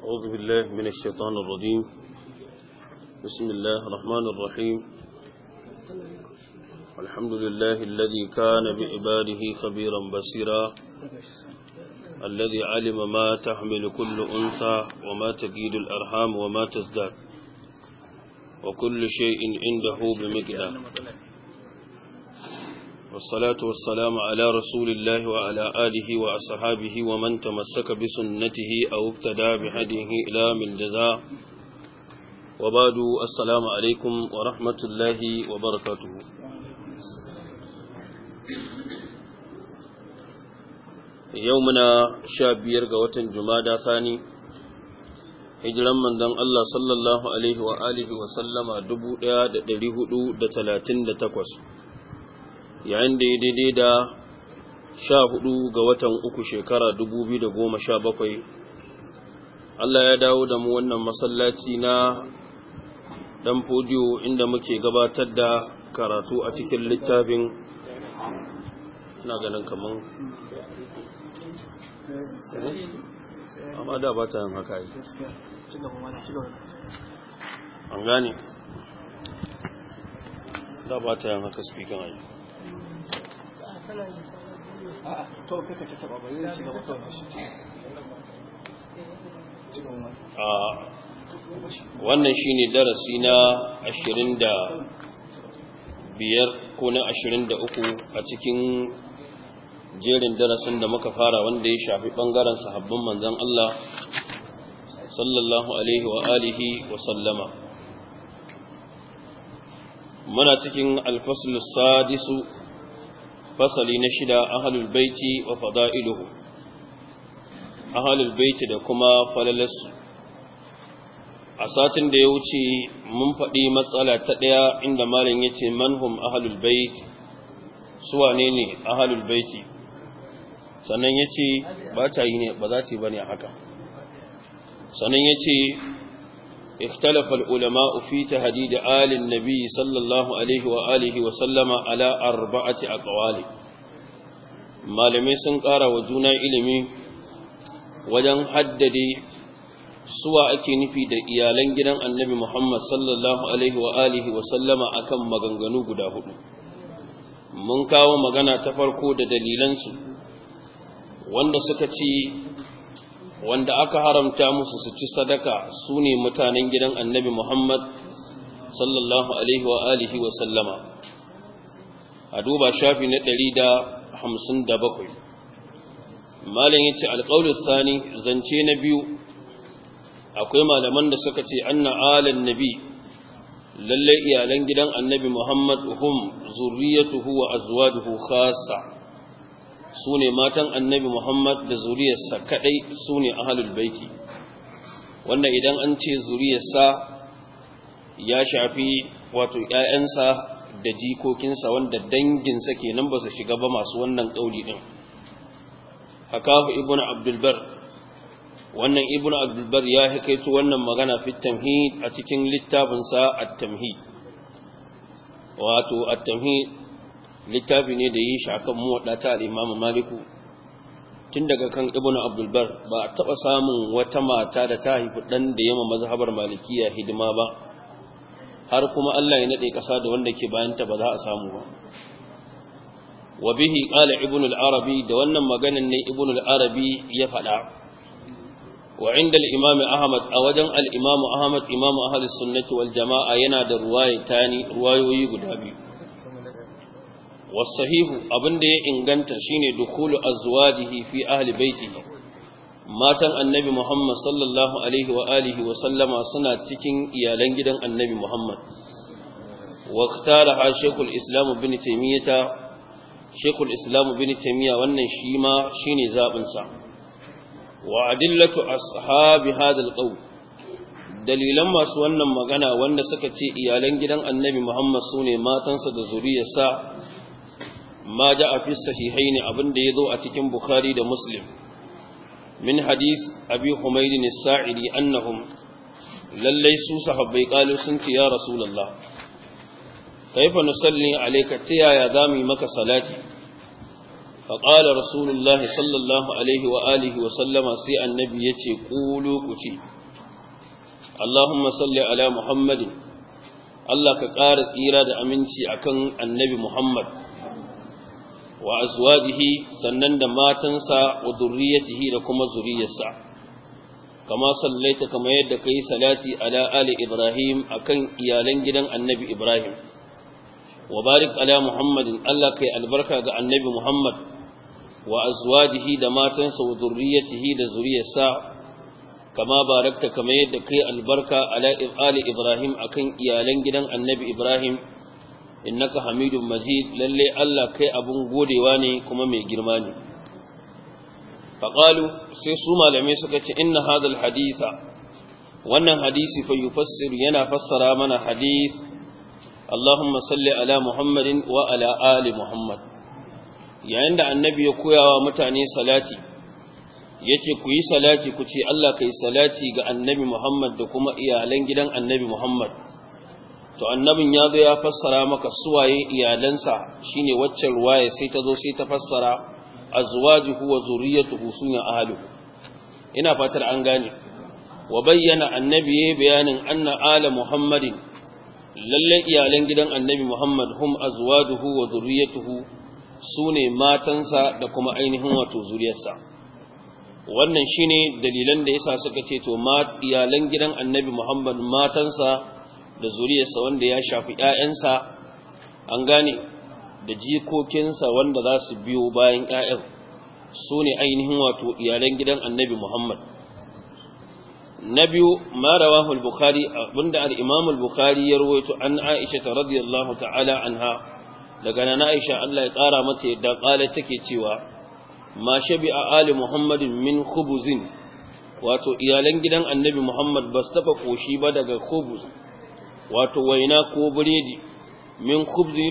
أعوذ بالله من الشيطان الرجيم بسم الله الرحمن الرحيم الحمد لله الذي كان بعباده خبيرا بصيرا الذي علم ما تحمل كل أنثى وما تجيد الأرحام وما تزداد وكل شيء عنده بمقدار والصلاة والسلام على رسول الله وعلى آله وأصحابه ومن تمسك بسنته أو ابتدى بهديه إلى من جزاء وبعد السلام عليكم ورحمة الله وبركاته يومنا شابير قوة جمادى ثاني hijiran manzon Allah sallallahu alaihi wa alihi wa sallama 1438 yayin da ya daidai da sha hudu ga watan uku shekara dubu biyu da goma sha bakwai Allah ya dawo da mu wannan masallaci na dan fodiyo inda muke gabatar da karatu a cikin littafin na ganin kaman amma da ba ta yin haka yi an gane da ba ta yin haka speaking ayi a to kaka ta taba ba zai ci gaba kawai shi wannan shine darasi na 25 ko na 23 a cikin jerin darasin da muka fara wanda ya shafi bangaren sahabbin manzan Allah sallallahu alaihi wa alihi wa sallama muna cikin alfasul sadisu fasali na shida ahalul baiti wa fada'iluhu ahalul baiti da kuma falalarsu a satin da ya wuce mun faɗi matsala ta ɗaya inda malin ya ce manhum ahalul baiti suwa ne ne ahalul baiti sannan ya ce ba ta yi ne ba za ta yi ba ne haka sannan ya ce اختلف العلماء في تهديد آل النبي صلى الله عليه وآله وسلم على أربعة أقوال malamai sun ƙara wa juna ilimi wajen haddade suwa ake nufi da iyalan gidan annabi Muhammad sallallahu alaihi wa alihi wa sallama akan maganganu guda hudu mun kawo magana ta farko da dalilansu wanda suka ci wanda aka haramta musu su ci sadaka su ne mutanen gidan annabi Muhammad sallallahu alaihi wa alihi wa sallama a duba shafi na ɗari da hamsin da bakwai malin ya ce alƙaunin sani zance na biyu akwai malaman da suka ce anna alin nabi lallai iyalan gidan annabi muhammad hum zuriyatuhu wa azwaduhu khasa su ne matan annabi muhammad da zuriyarsa kaɗai su ne ahalul baiti wanda idan an ce zuriyarsa ya shafi wato ‘ya'yansa da jikokinsa wanda danginsa kenan ba su shiga ba masu wannan kauli ɗin hakabu Ibn Abdulbar, wannan Ibn Abdulbar ya hikaito wannan magana fi tamhid a cikin littafinsa a tamhi wato a tamhi littafi ne da yi shi akan mu ta al-imam maliku tun daga kan Ibn Abdulbar, ba a taɓa samun wata mata da ta haifi dan da yamma mazhabar malikiya hidima ba har kuma Allah ya nade kasa da wanda ke bayanta ba za a samu ba wa bihi qala ibn al-arabi da wannan maganan ne ibn al-arabi ya faɗa wa inda al-imam ahmad a wajen al-imam ahmad imam ahli sunnati wal jamaa yana da ruwayatani ruwayoyi guda biyu wasahihu abinda ya inganta shine dukulu azwajihi fi ahli baitihi matan annabi Muhammad sallallahu alaihi wa alihi wa sallama suna cikin iyalan gidan annabi Muhammad واختارها shekul الإسلام bin تيمية wannan shi ma تيمية والنشيما شيني زابنسا وعدلة أصحاب hadal القول dalilan masu wannan magana wanda suka ce iyalan gidan annabi Muhammad su ne matansa da zuriyarsa ma ja a fi sahihaini abinda ya zo a cikin Bukhari da Muslim min hadith abi humaydin as-sa'idi lallai su sahabbai qalu sun ce ya rasulullah kaifa nusalli alayka tiyaya zamu maka salati fa qala rasulullah sallallahu alaihi wa alihi wa sallama sai annabi yace qulu ku ce allahumma salli ala muhammadin Allah ka ƙara tsira da aminci akan annabi Muhammad wa azwajihi sannan da matansa wa zurriyatihi da kuma zuriyarsa kama sallaita kama yadda kai salati ala ali ibrahim akan iyalan gidan annabi ibrahim wa barik ala muhammadin allah kai albarka ga annabi muhammad wa azwajihi da matansa wa zurriyatihi da zuriyarsa kama barakta kama yadda kai albarka ala ali ibrahim akan iyalan gidan annabi ibrahim innaka hamidun mazid lalle Allah kai abun godewa ne kuma mai girma ne faqalu sai su malamai suka ce inna hadal haditha wannan hadisi fa yana fassara mana hadith Allahumma salli ala Muhammadin wa ala ali Muhammad yayin da annabi ya koyawa mutane salati yace ku yi salati ku ce Allah kai salati ga annabi Muhammad da kuma iyalan gidan annabi Muhammad to annabin ya zo ya fassara maka suwaye iyalansa shine wacce ruwaya sai ta zo sai ta fassara azwajuhu wa zurriyatuhu sunya ahluhu ina fatar an gane wa bayyana annabi ya bayanin anna ala muhammadin lalle iyalan gidan annabi muhammad hum azwajuhu wa zurriyatuhu sune matansa da kuma ainihin wato zuriyarsa wannan shine dalilan da yasa suka ce to iyalan gidan annabi muhammad matansa da zuriyarsa wanda ya shafi ‘ya'yansa an gane da jikokinsa wanda za su biyo bayan ‘ya'yan su ne ainihin wato iyalan gidan annabi Muhammad. Na biyu, marawa al-Bukhari abinda al'imam al-Bukhari ya ruwaito an Aisha ta radiyallahu ta'ala anha daga nan Aisha Allah ya ƙara mata yadda ƙala take cewa, ma shabi a Ali Muhammadin min kubuzin, wato iyalan gidan annabi Muhammad ba su taɓa ƙoshi ba daga kubuz. wato waina ko biredi min kubzi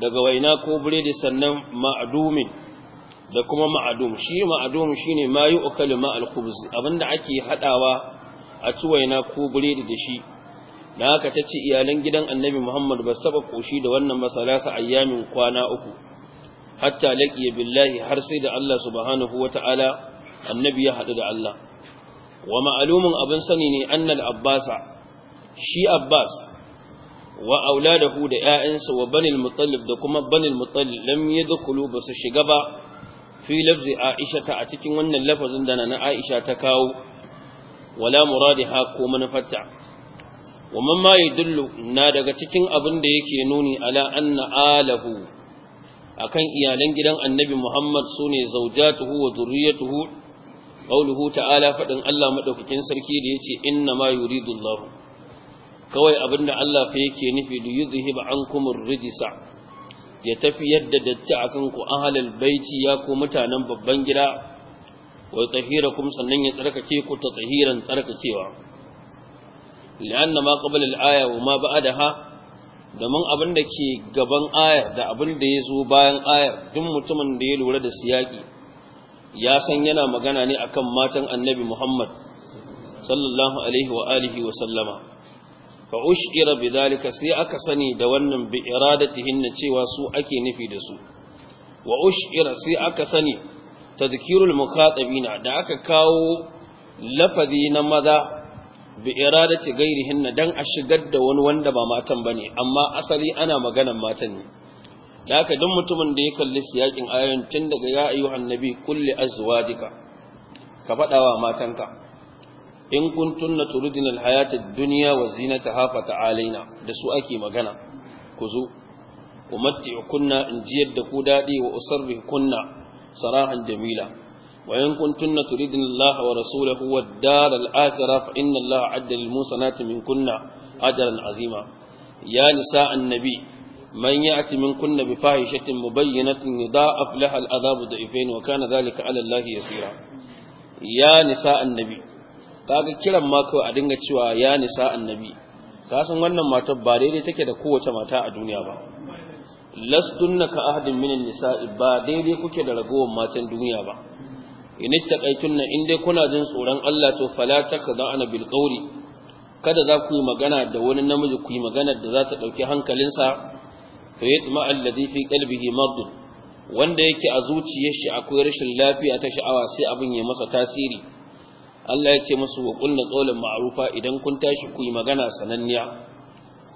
daga waina ko biredi sannan ma'adumin da kuma ma'adum shi ma'adum shine mayu yi ukali ma'al kubzi abinda ake hadawa a ci waina ko biredi da shi da haka ta ce iyalan gidan annabi muhammad ba saba koshi da wannan masalasa ayyamin kwana uku hatta laqiya billahi har sai da Allah subhanahu wata'ala annabi ya hadu da Allah wa ma'alumin abin sani ne annal abbasa shi Abbas wa auladahu da ƴaƴansa wa banil mutallib da kuma banil mutallib lam yadkhulu basu shiga ba fi lafzi Aisha ta a cikin wannan lafazin da na Aisha ta kawo wala muradiha ko manufarta wa mamma yadullu na daga cikin abin da yake nuni ala anna alahu akan iyalan gidan annabi Muhammad sune zawjatuhu wa dhurriyyatuhu qawluhu ta'ala fadin Allah madaukakin sarki da yace inna ma yuridullahu kawai abinda Allah fa yake nufi da yuzhiba ankum rijsa ya tafi yadda datti akan ku ahlul baiti ya ku mutanen babban gida wa kum sannan ya tsarkake ku ta tahiran tsarkakewa li'anna ma qabla al-aya wa ma ba'daha domin abin da ke gaban ayar da abin da ya zo bayan ayar duk mutumin da ya lura da siyaki ya san yana magana ne akan matan annabi Muhammad sallallahu alaihi wa alihi wa sallama fa ushira bidhalika sai aka sani da wannan bi iradatihinna cewa su ake nufi da su wa ushira sai aka sani tadhkirul muqatabina da aka kawo lafazi na maza bi iradati hinna dan a shigar da wani wanda ba matan bane amma asali ana maganan matan ne laka duk mutumin da ya kalli siyakin ayoyin tun daga ya ayyuhan nabi kulli azwajika ka faɗawa matanka in kuntunna turidina alhayata ad duniya wa ta alaina da su ake magana ku zo kunna in jiyar da ku daɗi wa kunna sarahan jamila wa in kuntunna turidina Allah wa rasulahu wad-dar al fa inna Allah 'adda lil min kunna ajran 'azima ya nisa annabi man ya'ti minkunna bi fahishatin mubayyinatin yudha'af laha al da'ifain wa kana dhalika 'ala Allah yasira ya nisa annabi kaga kiran ma kawai a dinga cewa ya nisa annabi ka san wannan matar ba daidai take da kowace mata a duniya ba lastunna ka ahadin minin nisa ba daidai kuke da ragowar matan duniya ba in ittaqaytunna in dai kuna jin tsoron Allah to fala takda'ana bil qawli kada za ku yi magana da wani namiji ku yi magana da za ta dauki hankalinsa fa yatma alladhi fi qalbihi marad wanda yake a zuciyar shi akwai rashin lafiya ta sha'awa sai abin ya masa tasiri Allah ya ce musu wa kullu qawlan ma'rufa idan kun tashi ku yi magana sananniya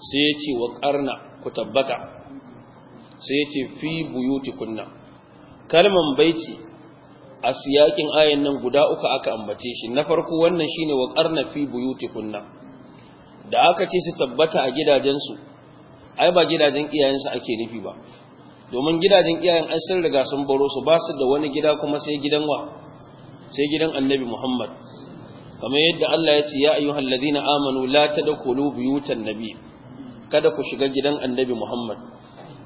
sai ya ce wa qarna ku tabbata sai ya ce fi buyutikunna kalman baiti a siyakin ayan nan guda uku aka ambace shi na farko wannan shine wa qarna fi buyutikunna da aka ce su tabbata a gidajensu ai ba gidajen iyayensu ake nufi ba domin gidajen iyayen an sun riga sun baro su ba su da wani gida kuma sai gidan wa sai gidan annabi Muhammad kamar yadda Allah ya ce ya ayyuhal ladina amanu la tadkhulu buyutan nabi kada ku shiga gidan annabi Muhammad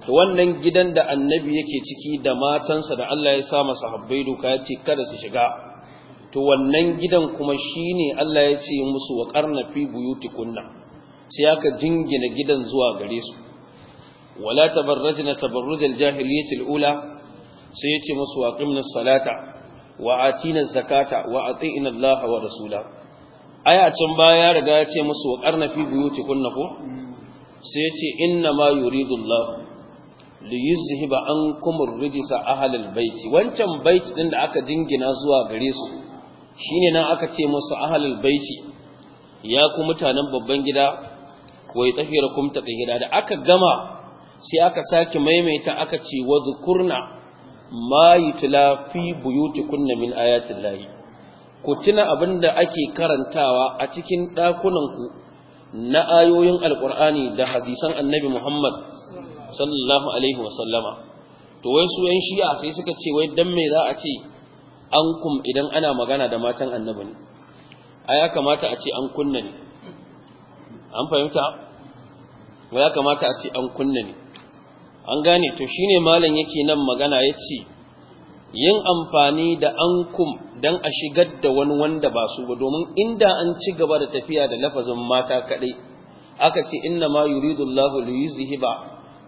to wannan gidan da annabi yake ciki da matansa da Allah ya sa masa habbai doka ya ce kada su shiga to wannan gidan kuma shine Allah ya ce musu wa qarna fi buyutikunna sai aka jingina gidan zuwa gare su wala tabarrajna tabarrujal jahiliyyati alula sai ya ce musu wa salata wa atina zakata wa atina Allah wa rasula aya can baya ya riga ya ce musu wa karna fi buyuti kunna ko sai ya ce inna ma yuridu Allah li yuzhiba ankum ar-rijsa ahlal bayt wancan bait din da aka dingina zuwa gare su shine nan aka ce musu ahlal bayt ya ku mutanen babban gida wai tafiyar kum ta gida da aka gama sai aka sake maimaita aka ce wa zukurna ma yutla fi kunna min ayatin lahi ku tuna abin da ake karantawa a cikin ɗakunanku na ayoyin Alƙur'ani da hadisan annabi muhammad sallallahu alaihi wasallama to wai su yan shi'a sai suka ce wai dan me za a ce an kum idan ana magana da matan annabi ne a ya kamata a ce an kunna ne an fahimta ya kamata a ce an kunna ne an gane to shine malam yake nan magana ya yace yin amfani da ankum don a shigar da wani wanda ba su ba domin inda an ci gaba da tafiya da lafazin mata kaɗai, aka ce inna ma yuridullahu ba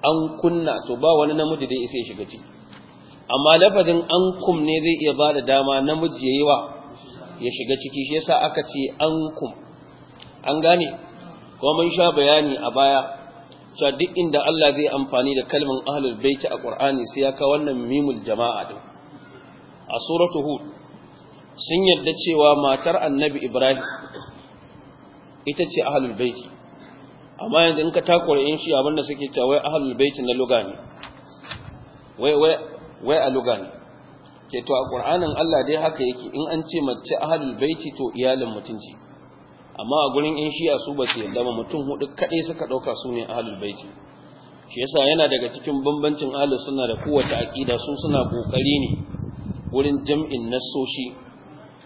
an kunna to ba wani namiji da ya shiga ciki amma lafazin ankum ne zai iya ba da dama namiji yayi wa ya shiga ciki shi yasa aka ce ankum an gane kuma mun sha bayani a baya cewa duk inda Allah zai amfani da kalmin ahlul baiti a Qur'ani sai ya kawo wannan mimul jama'a din a suratu hud sun yadda cewa matar annabi Ibrahim ita ce ahlul baiti amma yanzu in ka takura in shi abinda suke cewa wai ahlul baiti na luga wai wai wai a luga ke to a Qur'anin Allah dai haka yake in an ce mace ahlul baiti to iyalin mutunci amma a gurin in a su ba su yadda ba mutum hudu kaɗai suka ɗauka su ne ahalul baiti shi yasa yana daga cikin bambancin ahalul suna da kowace aƙida su suna ƙoƙari ne wurin jam'in nassoshi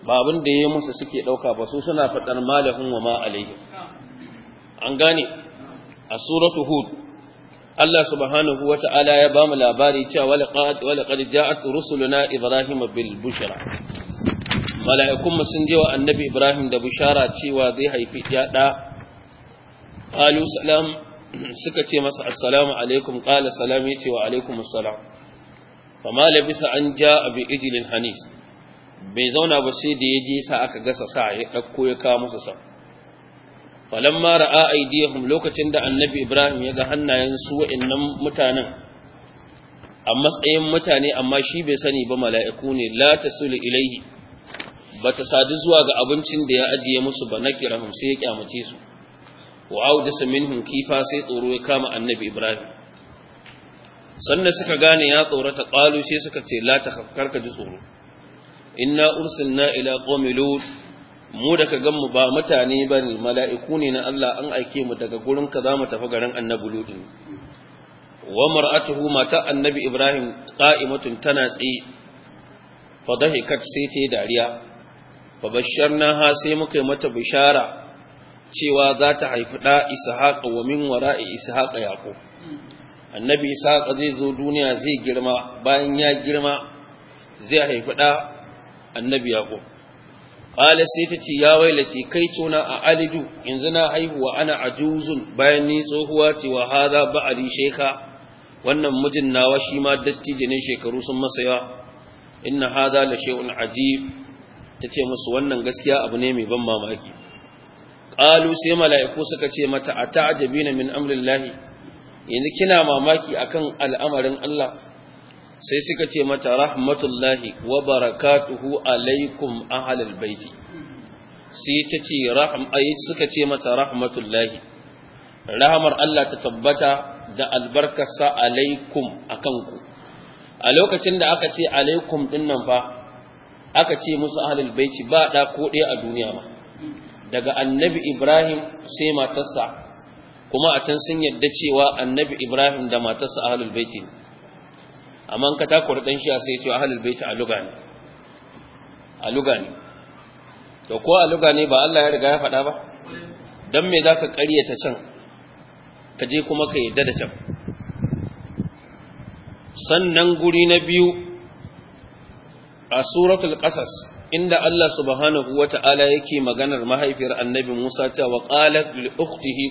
ba abin da ya musu suke ɗauka ba su suna faɗar malahun wa ma an gane a suratu hud Allah subhanahu wa ta'ala ya bamu labari cewa walaqad walaqad ja'at rusuluna Ibrahim bil bushra mala'ikunmu sun je wa annabi ibrahim da bishara cewa zai haifi yaɗa ƙalu salam suka ce masa assalamu alaikum ƙala salam ya ce wa alaikum assalam ba ma labisa an ja a bi ijilin hanis bai zauna ba sai da ya je sa aka gasa sa ya ɗauko ya kawo musu sa falamma ra'a aidiyahum lokacin da annabi ibrahim ya ga hannayen su wa'annan mutanen a matsayin mutane amma shi bai sani ba mala'iku ne la tasulu ilaihi bata sadu zuwa ga abincin da ya ajiye musu ba na nakirahum sai ya kyamace su wa samin hun kifa sai tsoro ya kama annabi ibrahim sannan suka gane ya tsorata qalu sai suka ce la takhaf ka ji tsoro inna ursilna ila qaumi lut mu da ka ganmu ba mutane bane mala'iku ne na Allah an aike mu daga gurin ka zamu tafi garin annabi lut wa mar'atuhu mata annabi ibrahim ƙa'imatun tana tsaye fa dahikat sai ta dariya fa basharnaha sai muka yi mata bishara cewa za ta haifi ɗa ishaqa wa min wara'i ishaqa yaqub annabi ishaqa zai zo duniya zai girma bayan ya girma zai haifi ɗa annabi yaqub qala sai ta ce ya wailati kai tona a alidu yanzu na haihuwa ana ajuzun bayan ni tsohuwa ce wa hadha ba'ali sheka wannan mijin nawa shi ma dattijo ne shekaru sun masa In inna hadha la shay'un ajib ta ce musu wannan gaskiya abu ne mai ban mamaki ƙalu sai mala'iku suka ce mata a na min amrillahi yanzu kina mamaki akan al'amarin Allah sai suka ce mata rahmatullahi wa barakatuhu alaikum ahalal baiti sai ta ce suka ce mata rahmatullahi rahamar Allah ta tabbata da albarkasa, alaikum a kanku. a lokacin da aka ce alaikum nan fa aka ce musu ahlul baiti ba da ko ɗaya a duniya ma daga annabi ibrahim sai matarsa kuma a can sun yadda cewa annabi ibrahim da matarsa ahlul baiti ne amma ka takwar ɗan shi sai ce ahlul baiti a luga ne a luga to ko a luga ba Allah ya riga ya faɗa ba dan me zaka ƙaryata can ka je kuma ka yadda da can sannan guri na biyu a suratul qasas inda Allah subhanahu wata'ala yake maganar mahaifiyar annabi Musa ta wa qalat li ukhtihi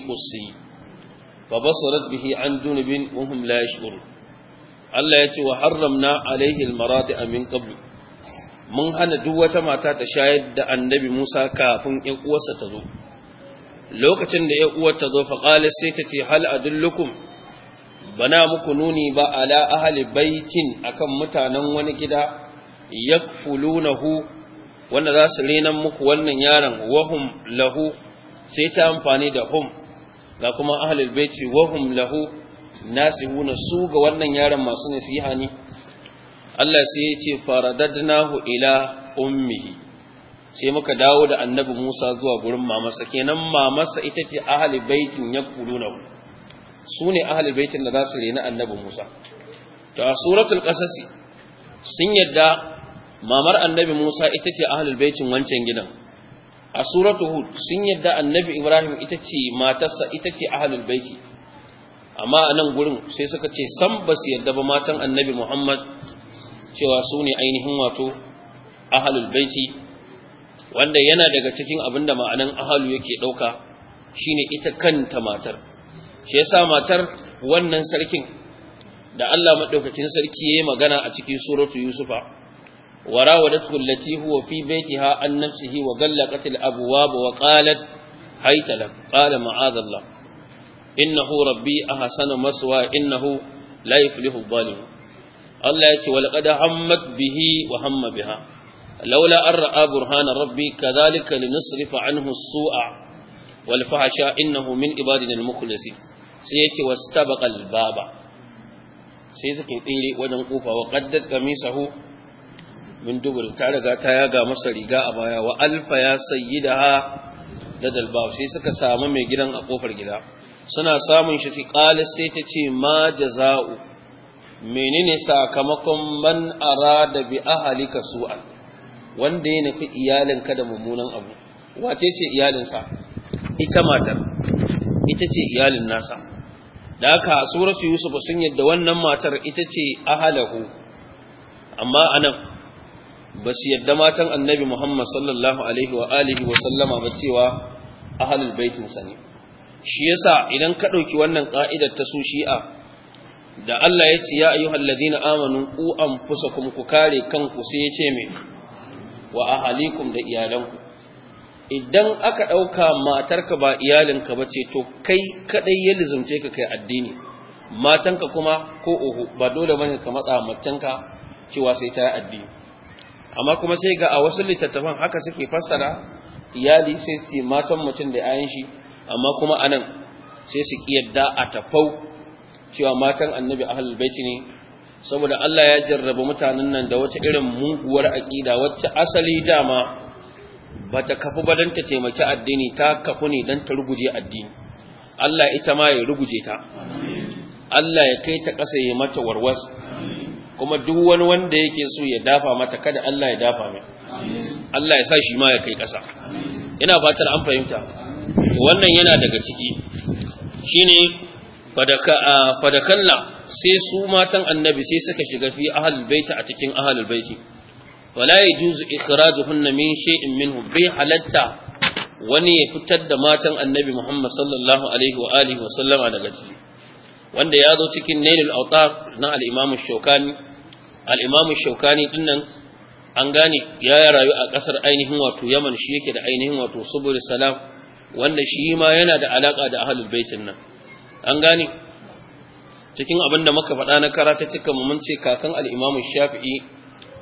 fa basarat bihi an junubin wa hum la yash'urun Allah ya ce wa harramna alaihi almaradi amin qablu mun hana duk wata mata ta shayar da annabi Musa kafin 'yan uwarsa ta zo lokacin da 'yan uwar ta zo fa sai ta ce hal dullukum bana muku nuni ba ala ahali baitin akan mutanen wani gida yakfulunahu wanda za su renan muku wannan yaron wahum lahu sai ta amfani da hum ga kuma ahlul baiti wahum lahu nasihuna su ga wannan yaron masu nasiha ne Allah sai ya ce faradadnahu ila ummihi sai muka dawo da annabi Musa zuwa gurin mamarsa kenan mamarsa ita ce ahlul baitin yakfulunahu su ne ahlul baitin da za su rena annabi Musa Ta suratul qasas sun yadda mamar annabi Musa ita ce ahlul baitin wancan gidan a suratu hud sun yadda annabi Ibrahim ita ce matarsa ita ce ahlul baiti amma a nan gurin sai suka ce san ba su yadda ba matan annabi Muhammad cewa su ne ainihin wato ahlul baiti wanda yana daga cikin abinda ma'anan ahalu yake ɗauka, shine ita kanta matar shi yasa matar wannan sarkin da Allah madaukakin sarki yayi magana a cikin suratu Yusufa وراودته التي هو في بيتها عن نفسه وغلقت الأبواب وقالت هيت لك قال معاذ الله إنه ربي أحسن مسوى إنه لا يفلح الظالم الله يتي ولقد همت به وهم بها لولا أن رأى برهان ربي كذلك لنصرف عنه السوء والفحشاء إنه من عبادنا المخلصين سيتي واستبق الباب سيتك يطيري ودنقوفا وقدت قميصه min dubur ta riga ta yaga masa riga a baya wa alfa ya sayi da dalba sai suka samu mai gidan a kofar gida suna samun shi fi sai ta ce ma jaza'u menene sakamakon man arada bi ahlika su'an wanda ya nufi ka da mummunan abu wace ce iyalinsa ita matar ita ce iyalin nasa da haka suratu yusuf sun yadda wannan matar ita ce ahalahu amma anan ba su yadda matan annabi Muhammad sallallahu alaihi wa alihi wa sallama ba cewa ahalul baitin ne shi yasa idan ka ɗauki wannan ƙa'idar ta su shi'a da Allah ya ce ya ayyuhal ladina amanu fusa anfusakum ku kare kanku sai ya ce me wa ahalikum da iyalanku idan aka dauka matarka ba iyalinka ba ce to kai kadai ya lizumce ka kai addini matanka kuma ko oho ba dole bane ka matsa matanka cewa sai ta yi addini amma kuma sai ga a wasu littattafan haka suke fassara iyali sai su matan mutum da yayan shi amma kuma anan sai su kiyarda a tafau cewa matan annabi ahlul baiti ne saboda Allah ya jarraba mutanen nan da wata irin muguwar aqida wacce asali dama bata kafu ba don ta taimaki addini ta kafu ne dan ta ruguje addini Allah ita ma ya ruguje ta Allah ya kai ta ƙasa ya mata warwas kuma duk wani wanda yake so ya dafa mata kada Allah ya dafa mai Allah ya sa shi ma ya kai ƙasa ina fatar an fahimta wannan yana daga ciki shine fadakalla sai su matan annabi sai suka shiga fi ahlul baiti a cikin ahlul baiti wala yajuzu ikhrajuhunna min shay'in minhu bai halatta wani ya fitar da matan annabi Muhammad sallallahu alaihi wa alihi wa sallama daga ciki wanda ya zo cikin Nailul Awtar na al-Imam Shawkani al'imamu shaukani ɗin nan an gane ya rayu a ƙasar ainihin wato yaman shi yake da ainihin wato saboda salam wanda shi ma yana da alaƙa da ahalul baitin nan an gane cikin abin da muka faɗa na cikin mun ce kakan al'imamin shafi'i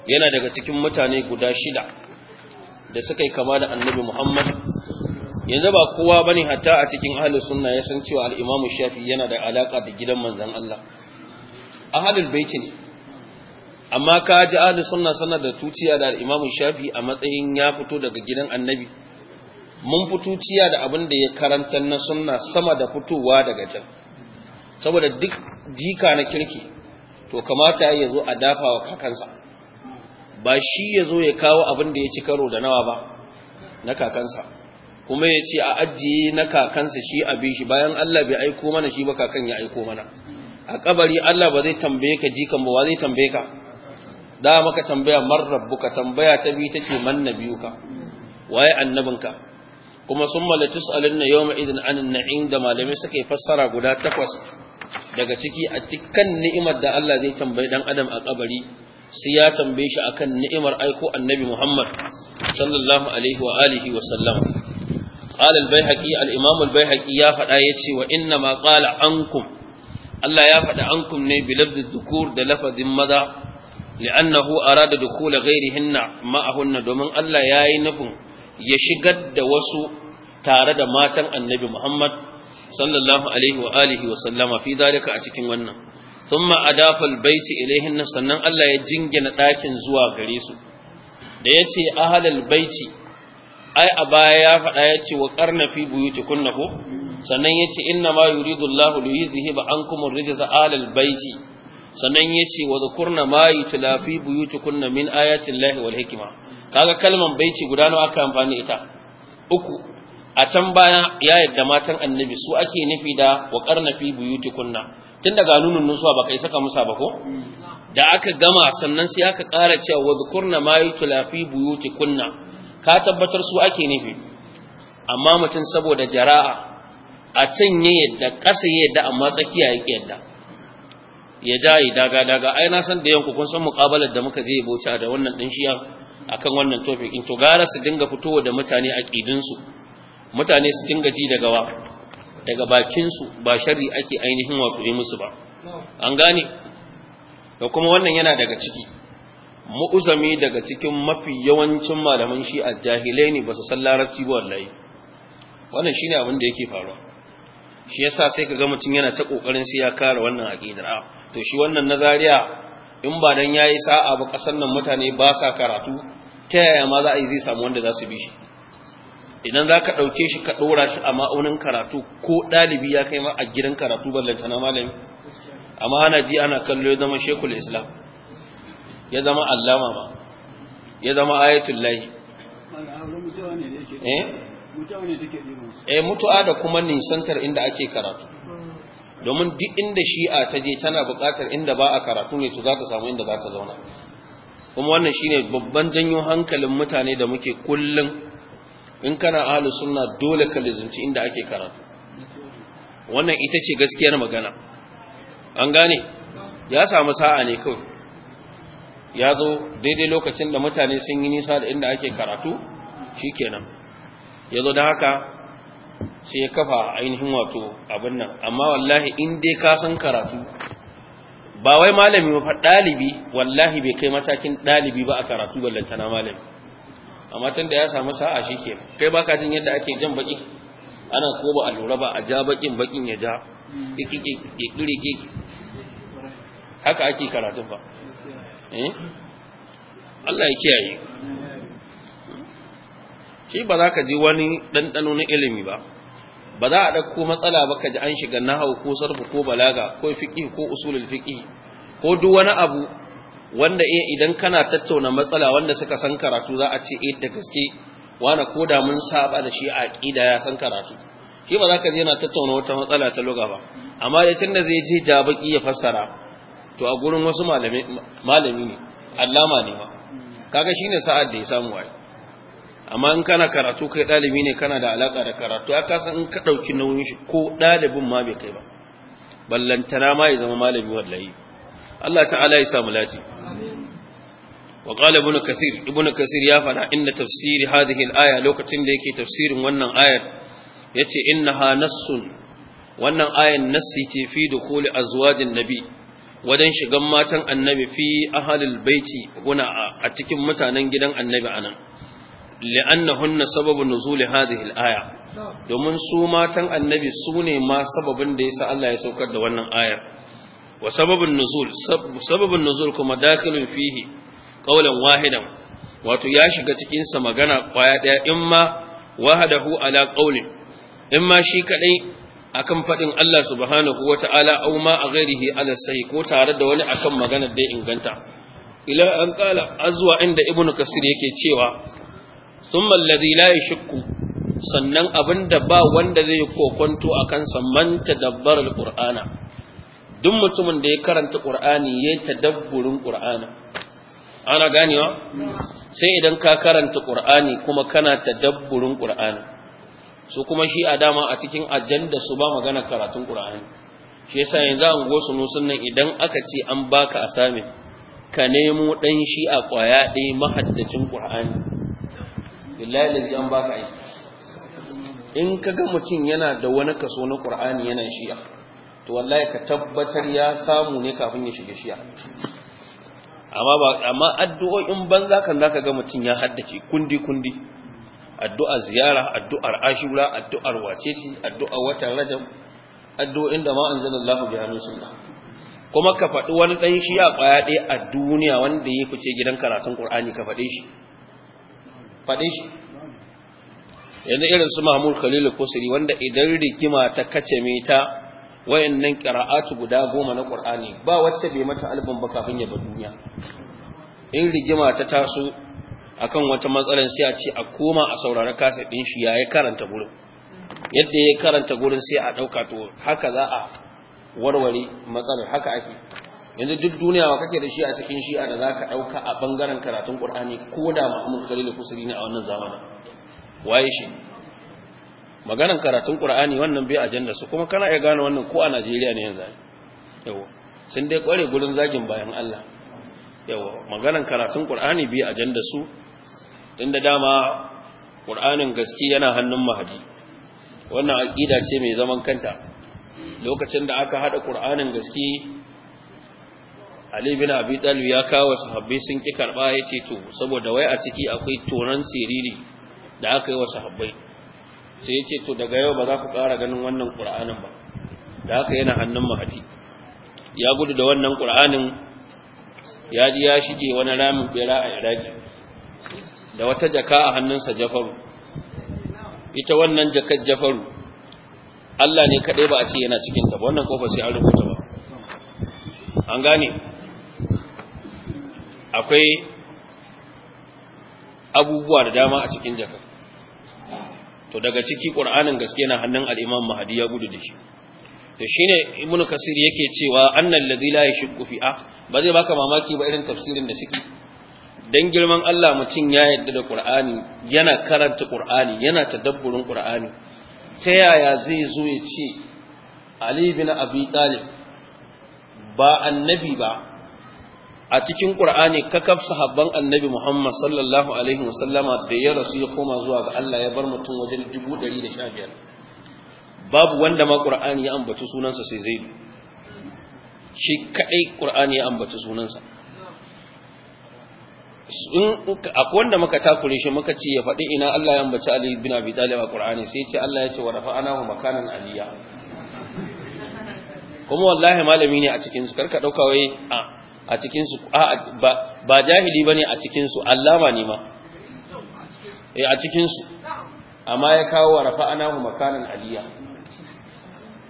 yana daga cikin mutane guda shida da suka yi kama da annabi muhammad yanzu ba kowa ba ne hatta a cikin ahalin sunna ya san cewa al'imamu shafi'i yana da alaƙa da gidan manzan allah ahalul baiti ne amma ka ji ahli sunna sana da tuciya da imamu shafi a matsayin ya fito daga gidan annabi mun fituciya da abin da ya karanta na sunna sama da fitowa daga can saboda duk jika na kirki to kamata ya zo a dafa wa kakansa ba shi ya zo ya kawo abin da ya ci karo da nawa ba na kakansa kuma ya ce a ajiye na kakansa shi a shi bayan Allah bai aiko mana shi ba kakan ya aiko mana a kabari Allah ba zai tambaye ka jikan ba wa zai tambaye ka da maka tambaya man rabbuka tambaya ta bi take man nabiyuka waye annabinka kuma summa la tusalanna yawma idin anin na'im da malamai suke fassara guda takwas daga ciki a cikin ni'imar da Allah zai tambayi dan adam a kabari sai ya tambaye shi akan ni'imar aiko annabi Muhammad sallallahu alaihi wa alihi wa sallam قال البيهقي الإمام البيهقي يا فدا يتي وإنما قال عنكم الله يا فدا عنكم ne بلفظ الذكور ده لفظ مذا li'annahu arada dukula ghairihinna ma'ahunna domin Allah yayi nufin ya shigar da wasu tare da matan Annabi Muhammad sallallahu alaihi wa alihi wa sallama fi dalika a cikin wannan thumma adafa albayti hinna, sannan Allah ya jingina dakin zuwa gare su da yace ahlal baiti ai a baya ya faɗa ce wa ƙarna fi buyutikunna ko sannan yace inna ma yuridu Allahu li yuzhiba ankum rijza ahlal baiti sannan ya ce wa zukurna ma yi tilafi buyu kunna min ayatin lahi wal hikima kaga kalman baici guda nawa aka amfani ita uku a can baya ya yadda matan annabi su ake nufi da wa karna fi buyu kunna tun daga nunun nusuwa ba kai saka musa ba ko da aka gama sannan sai aka ƙara cewa wa zukurna ma yi tilafi buyu kunna ka tabbatar su ake nufi amma mutum saboda jara'a a can ya yadda ƙasa ya yadda amma tsakiya ya yadda ya jayi daga daga ai na san da yanku kun san muƙabalar da muka je bauta da wannan din shiya akan wannan topic in to gara su dinga fitowa da mutane a su mutane su dinga ji daga wa daga bakin ba shari ake ainihin wato yi musu ba an gane da kuma wannan yana daga ciki mu'uzami daga cikin mafi yawancin malaman shi a jahilai ne ba su san larabci ba wallahi wannan shine abin da yake faruwa shi yasa sai ka ga mutum yana ta kokarin sai ya kare wannan aqidar a to shi wannan nazariya in ba dan yayi sa'a ba kasar nan mutane ba sa karatu ta yaya ma za a yi zai samu wanda za su bi shi idan za ka ɗauke shi ka ɗora shi a ma'aunin karatu ko ɗalibi ya kai ma a gidan karatu ballanta na malami amma ana ji ana kallo ya zama shekul islam ya zama allama ba ya zama ayatul lahi E eh, mutu'a da kuma nisantar inda ake karatu domin duk inda shi'a ta je tana buƙatar inda ba a karatu ne to za ta samu inda za ta zauna kuma wannan shine babban janyo hankalin mutane da muke kullum in kana ahlus sunna dole ka lizinci inda ake karatu wannan ita ce gaskiyar magana an gane ya samu sa'a ne kawai ya zo daidai lokacin da mutane sun yi nisa da inda ake karatu shi shikenan ya zo don haka sai ya kafa ainihin wato abin nan amma wallahi in dai ka san karatu ba wai malami ba ɗalibi wallahi bai kai matakin ɗalibi ba a karatu ballantana malami amma tun da ya samu sa'a shi ke kai baka jin yadda ake jan baki ana ko ba a lura ba a ja bakin bakin ya ja ƙiƙiƙiƙi haka ake karatun ba eh? Allah ya kiyaye shi ba za ka ji wani ɗanɗano na ilimi ba ba za a ɗauko matsala ba ka ji an shiga naha ko sarfu ko balaga ko fiƙi ko usulul fiƙi ko duk wani abu wanda eh idan kana tattauna matsala wanda suka san karatu za a ce eh da gaske wani ko da mun saba da shi a ƙida ya san karatu shi ba za ka je na tattauna wata matsala ta lugha ba amma da zai je jabaki ya fassara to a gurin wasu malami ne allama ne ba kaga ne sa'ad da ya samu ai amma in kana karatu kai ɗalibi ne kana da alaka da karatu ya in ka ɗauki nauyin shi ko ɗalibin ma bai kai ba ballantana ma ya zama malami wallahi Allah ta'ala ya samu lati wa qala ibn kasir ibn kasir ya fada inna tafsiri hadhihi al-aya lokacin da yake tafsirin wannan ayar yace innaha nassun wannan ayan nassi ce fi dukhuli azwajin nabi wajen shigan matan annabi fi ahalul baiti guna a cikin mutanen gidan annabi anan li'annahunna sababu nuzuli hadhihi al-aya domin su matan annabi su ne ma sababin da sa Allah ya saukar da wannan ayar wa sababun nuzul sababun nuzul kuma dakilun fihi qawlan wahidan wato ya shiga cikin sa magana kwaya daya in ma wahadahu ala qawlin in ma shi kadai akan fadin Allah subhanahu wata'ala aw ma a ghairihi ala sahi ko tare da wani akan magana da inganta ila an kala azwa inda ibnu kasir yake cewa Sun alladhi layi shukku sannan abinda ba wanda zai kokonto akan sa man tadabbara alqur'ana duk mutumin da ya karanta qur'ani ya tadabburin qur'ana ana ganewa sai idan ka karanta qur'ani kuma kana tadabburin qur'ani su kuma shi a dama a cikin ajanda su ba magana karatun qur'ani shi yasa yanzu an gosu nusun nan idan aka ce an baka assignment ka nemo ɗan shi a ƙwaya ɗaya mahaddacin ƙur'ani ya lazi an baka aiki in kaga mutum yana da wani kaso na qur'ani yana shi'a to wallahi ka tabbatar ya samu ne kafin ya shiga shi'a amma ba amma addu'o'in banza kan zaka ga mutum ya haddace kundi kundi addu'a ziyara addu'ar ashura addu'ar wacece addu'a watan rajab addu'o'in da ma anzalallahu bi sunna kuma ka faɗi wani ɗan shi a ƙwaya ɗaya a duniya wanda ya fice gidan karatun ƙur'ani ka faɗe shi faɗe shi yanzu irin su mahmud khalilu kusuri wanda idan rigima ta kace me ta wayannan qira'atu guda goma na qur'ani ba wacce bai mata albin ba kafin ya bar duniya in rigima ta taso akan wata matsalar sai a ce a koma a saurari kasa ɗin shi yayi karanta gurin yadda ya karanta gurin sai a ɗauka to haka za a warware matsalar haka ake yanzu duk duniya wa kake da shi a cikin shi'a da zaka dauka a bangaren karatun qur'ani ko da Muhammad Khalil Kusuri ne a wannan zamanin waye shi maganan karatun qur'ani wannan bai ajanda su kuma kana iya gane wannan ko a Najeriya ne yanzu yawa sun dai kware gurin zagin bayan Allah yawa maganan karatun qur'ani bai ajanda su tunda dama qur'anin gaske yana hannun mahdi? wannan aqida ce mai zaman kanta lokacin da aka hada qur'anin gaske. Ali bin Abi Talib ya kawo sahabbai sun ki karba yace to saboda wai a ciki akwai tonan siriri da aka yi wa sahabbai sai yace to daga yau ba za ku ƙara ganin wannan Qur'anin ba da aka yana hannun mahadi ya gudu da wannan Qur'anin ya ji ya shige wani ramin bera a Iraki da wata jaka a hannunsa Jafaru ita wannan jakar Jafaru Allah ne kadai ba a ce yana cikin ta wannan kofar sai an rubuta ba an gane akwai abubuwa da dama a cikin jaka to daga ciki ƙur'anin gaske na hannun al'imam mahadi ya gudu da shi to shine ibnu kasir yake cewa annan ladhi la yashqu fi ah ba zai baka mamaki ba irin tafsirin da suke dan girman Allah mutum ya yarda da Qur'ani yana karanta Qur'ani yana tadabburin Qur'ani ta yaya zai zo ya ce Ali bin Abi Talib ba annabi ba a cikin ƙur'ani kakaf sahabban annabi muhammad sallallahu alaihi wasallama da ya rasu ya koma zuwa ga allah ya bar mutum wajen dubu ɗari da sha biyar babu wanda ma ƙur'ani ya ambaci sunansa sai zai shi kaɗai ƙur'ani ya ambaci sunansa akwai wanda muka takure shi muka ce ya faɗi ina allah ya ambaci ali bin abi talib a ƙur'ani sai ce allah ya ce wa rafa ana makanan aliya kuma wallahi malami ne a cikin su karka ɗauka wai a a cikinsu ba jahili ba ne a cikinsu allama ne ma eh, a cikinsu amma ya kawo wa rafa'ana makanan aliyya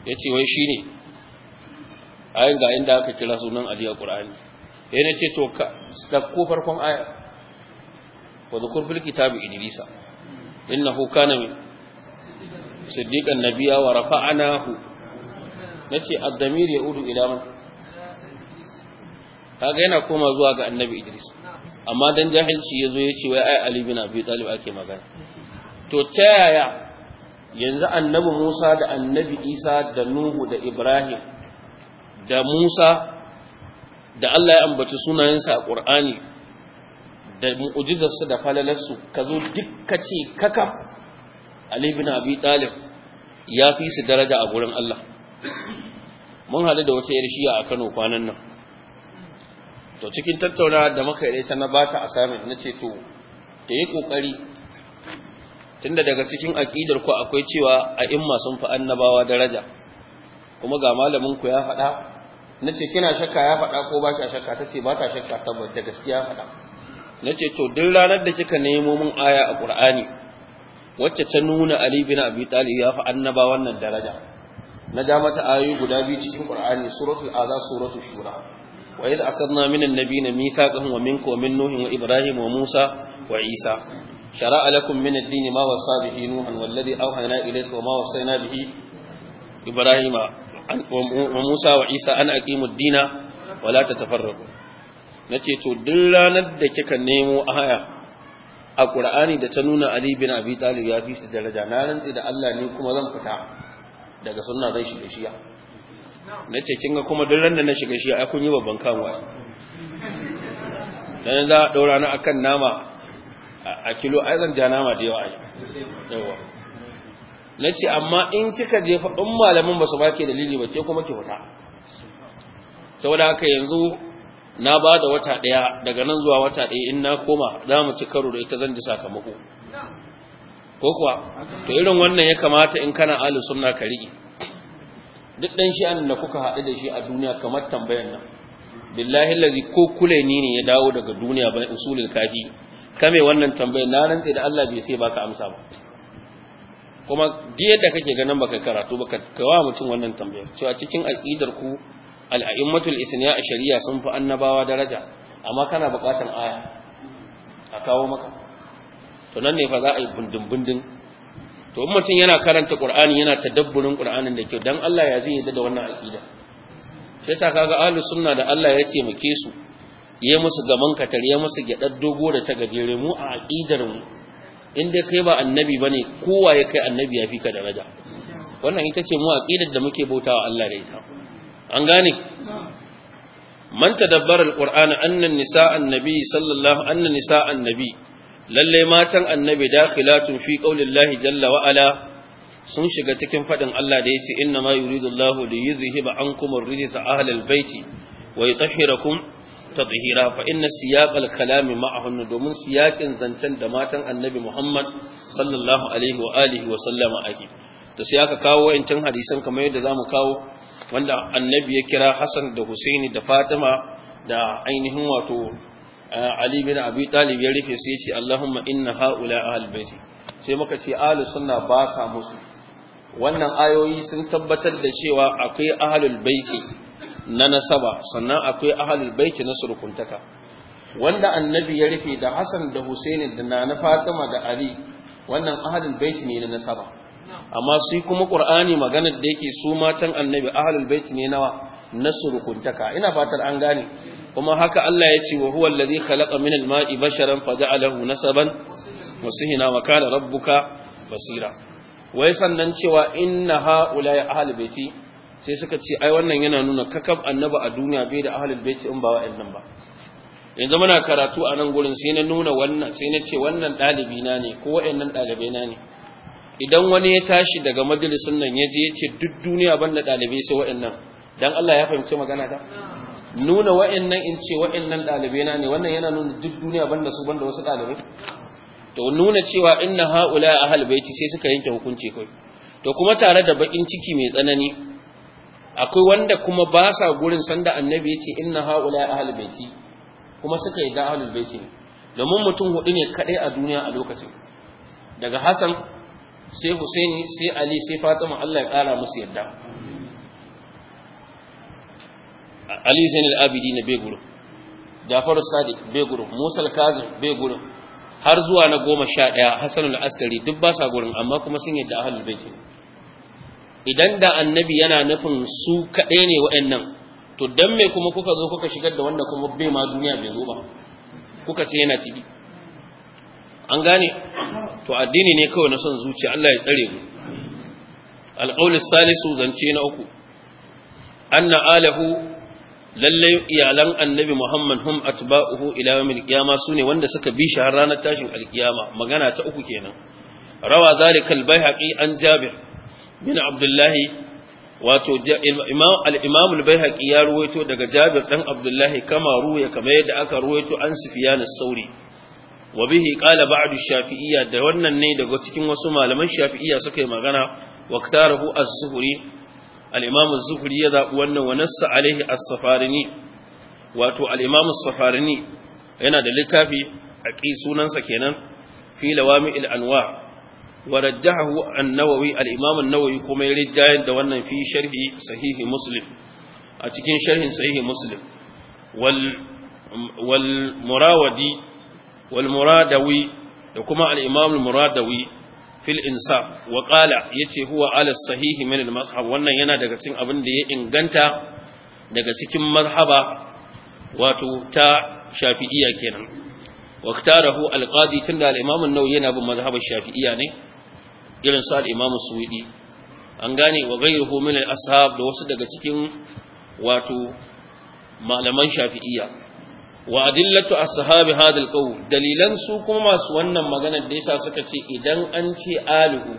ya ce wai shi ne ayin ga inda aka kira sunan aliyya ƙura'ani eh, ne ce to da ko farkon aya wadda kurfin kitabi idrisa inna hukana min? siddiƙan nabiya wa rafa'ana hu na ce addamir ya udu ilaman kaga yana koma zuwa ga annabi idris amma dan jahilci ya zo ya ce wai ai ali bin abi talib ake magana to ta yaya yanzu annabi musa da annabi isa da nuhu da ibrahim da musa da allah ya ambaci sunayensa a ƙur'ani da su da falalarsu ka zo dukka ce kaka ali bin abi talib ya fi su daraja a gurin allah mun haɗu da wata yar shi'a a kano kwanan nan to cikin tattauna da maka yi ta na bata assignment na ce to ta yi kokari tunda daga cikin aƙidar ku akwai cewa a imma sun fi annabawa daraja kuma ga malamin ku ya faɗa na ce kina shakka ya faɗa ko ba shakka ta ce ba ta shakka tabbata gaskiya faɗa ce to duk ranar da kika nemo mun aya a ƙur'ani wacce ta nuna Ali bin Abi Talib ya fi annaba wannan daraja na ja mata ayoyi guda biyu cikin ƙur'ani suratul Azab suratul Shura wa idh akhadna min an-nabiyina mithaqahum wa minkum wa min nuhin wa ibrahim wa musa wa isa shara'a lakum min ad-din ma wasa bihi nuhan walladhi awhayna ilayka wa ma wasayna bihi ibrahim wa musa wa isa an aqimu ad-din wa la tatafarraqu nace to duk ranar da kika nemo haya, a ƙura'ani da ta nuna Ali bin Abi Talib ya fi su daraja na rantse da Allah ni kuma zan fita daga sunna zai shi da na ce kinga kuma duk ran da na shiga shi ai kun yi babban kanwa dan za a daura na akan nama a kilo ai zan ja nama da yawa ai yawa na ce amma in kika je fa malamin ba su ba ke dalili ba ke kuma ki fita saboda haka yanzu na ba da wata ɗaya daga nan zuwa wata ɗaya in na koma za mu ci karo da ita zan ji sakamako ko kuwa to irin wannan ya kamata in kana ahli sunna ka duk dan shi'an da kuka haɗu da shi a duniya kamar tambayar nan billahi allazi ko ni ne ya dawo daga duniya bai usulul kafi kame wannan tambayar na rantsi da Allah bai sai baka amsa ba kuma duk yadda kake ganin baka karatu baka kawa mutum wannan tambayar a cikin aqidar ku al-a'immatul isniya a shari'a sun fi annabawa daraja amma kana buƙatar aya a kawo maka to nan ne fa za a yi bindin bindin to in mutum yana karanta qur'ani yana tadabburin qur'anin da kyau dan Allah ya zai yadda da wannan aqida sai sa kaga ahlus sunna da Allah ya taimake su ya musu ga katar ya musu gyadar dogo da ta gajere mu a aqidar mu in dai kai ba annabi bane kowa ya kai annabi ya fi ka daraja wannan ita ce mu aqidar da muke bautawa Allah da ita an gane man tadabbara alqur'ana anna nisaa annabi sallallahu anna nisaa annabi lalle matan annabi dakhilatun fi qaulillahi jalla wa ala sun shiga cikin fadin Allah da yace inna ma yuridullahu li yuzhiba ankum ar-rijsa ahlal baiti wa yutahhirakum tatheera fa inna siyaqal kalami ma'ahun domin siyakin zancen da matan annabi Muhammad sallallahu alaihi wa alihi wa sallama ake to sai aka kawo wayancin hadisan kamar yadda zamu kawo wanda annabi ya kira Hassan da Husaini da Fatima da ainihin wato ali bin abi talib ya rufe sai ya ce allahumma inna haula ahl baiti sai muka ce ahlus sunna ba sa musu wannan ayoyi sun tabbatar da cewa akwai ahlul baiti na nasaba sannan akwai ahlul baiti na surkuntaka wanda annabi ya rufe da hasan da husaini da nana fatima da ali wannan ahlul baiti ne na nasaba amma su kuma qur'ani maganar da yake su matan annabi ahlul baiti ne nawa na surkuntaka ina fatar an gane kuma haka Allah ya ce wa huwa allazi khalaqa min al-ma'i basharan faja'alahu nasaban wasihina wa kana rabbuka basira wai sannan cewa inna haula ya ahlul baiti sai suka ce ai wannan yana nuna kakab annabi a duniya bai da ahlul baiti in ba wa'annan ba yanzu muna karatu a nan gurin sai na nuna wannan sai na ce wannan ɗalibi na ne ko wa'annan ɗalibai na ne idan wani ya tashi daga majalisin nan ya je ya ce duk duniya banda ɗalibai sai wa'annan dan Allah ya fahimci magana ta nuna wa'annan in ce wa'annan ɗalibai na ne wannan yana nuna duk duniya banda su banda wasu ɗalibai to nuna cewa inna haula ahal baiti sai suka yanke hukunci kai to kuma tare da bakin ciki mai tsanani akwai wanda kuma ba sa gurin sanda annabi ya ce inna haula ahal baiti kuma suka yi da ahal baiti domin mutum hudu ne kadai a duniya a lokacin daga Hassan sai Husaini sai Ali sai Fatima Allah ya kara musu yadda ali zain al-abidi na beguru jafar sadiq beguru musa al-kazim beguru har zuwa na goma sha ɗaya hassan al-askari duk ba sa gurin amma kuma sun yadda ahlul bait idan da annabi yana nufin su kaɗai ne nan, to dan me kuma kuka zo kuka shigar da wanda kuma bai ma duniya bai zo ba kuka ce yana ciki an gane to addini ne kawai na son zuciya Allah ya tsare mu Al'aulis salisu zance na uku anna alahu lallai iyalan annabi Muhammad hum atba'uhu ila yawmil qiyama sune wanda suka bi shi har ranar tashin alkiyama magana ta uku kenan rawa zalika al an Jabir bin Abdullah wato imam al-imam al ya ruwaito daga Jabir dan Abdullah kama ruwaya kamar yadda aka ruwaito an Sufyan as-Sauri wa bihi qala ba'du shafi'iyya da wannan ne daga cikin wasu malaman shafi'iyya suka yi magana waqtarahu az-Zuhri al zuhuri ya zabi wannan wa alaihi as-safarini wato al safarini yana da littafi ƙi sunansa kenan fi lawami anwa wa rajjahu an-nawawi al nawawi kuma ya rijjayar da wannan fi sharhi sahihi muslim a cikin sharhin sahihi muslim wal murawadi wal muradawi da kuma al muradawi fil insaf wa qala yace huwa ala sahihi min al mazhab wannan yana daga cikin abin da ya inganta daga cikin mazhaba wato ta shafi'iyya kenan wa ktarahu al qadi tunda al imam an yana bin mazhabar shafi'iyya ne irin sa al imam suwidi an gane wa ghayruhu min al ashab da wasu daga cikin wato malaman shafi'iyya wa adillatu ashabi hadal qawl dalilan su kuma masu wannan magana da yasa suka ce idan an ce alihu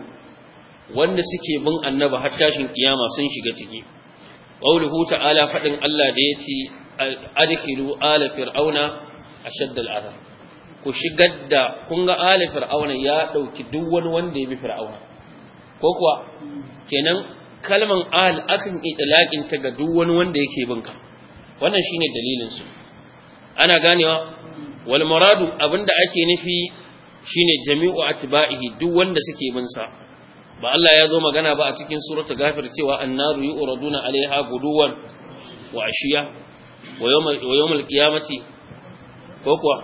wanda suke bin annabi har tashin kiyama sun shiga ciki qawluhu ta'ala fadin Allah da yace adkhilu ala fir'auna ashadd al'adab ku shigar da kun ga ala fir'auna ya dauki duk wani wanda ya bi fir'auna ko kuwa kenan kalman al akan itlaqin ta ga duk wani wanda yake bin ka wannan shine dalilin su ana ganewa wal muradu abinda ake nufi shine jami'u atba'ihi duk wanda suke bin sa ba Allah ya zo magana ba a cikin suratul ghafir cewa annaru yuraduna alaiha guduwan wa ashiya wa yawmal qiyamati ko kuwa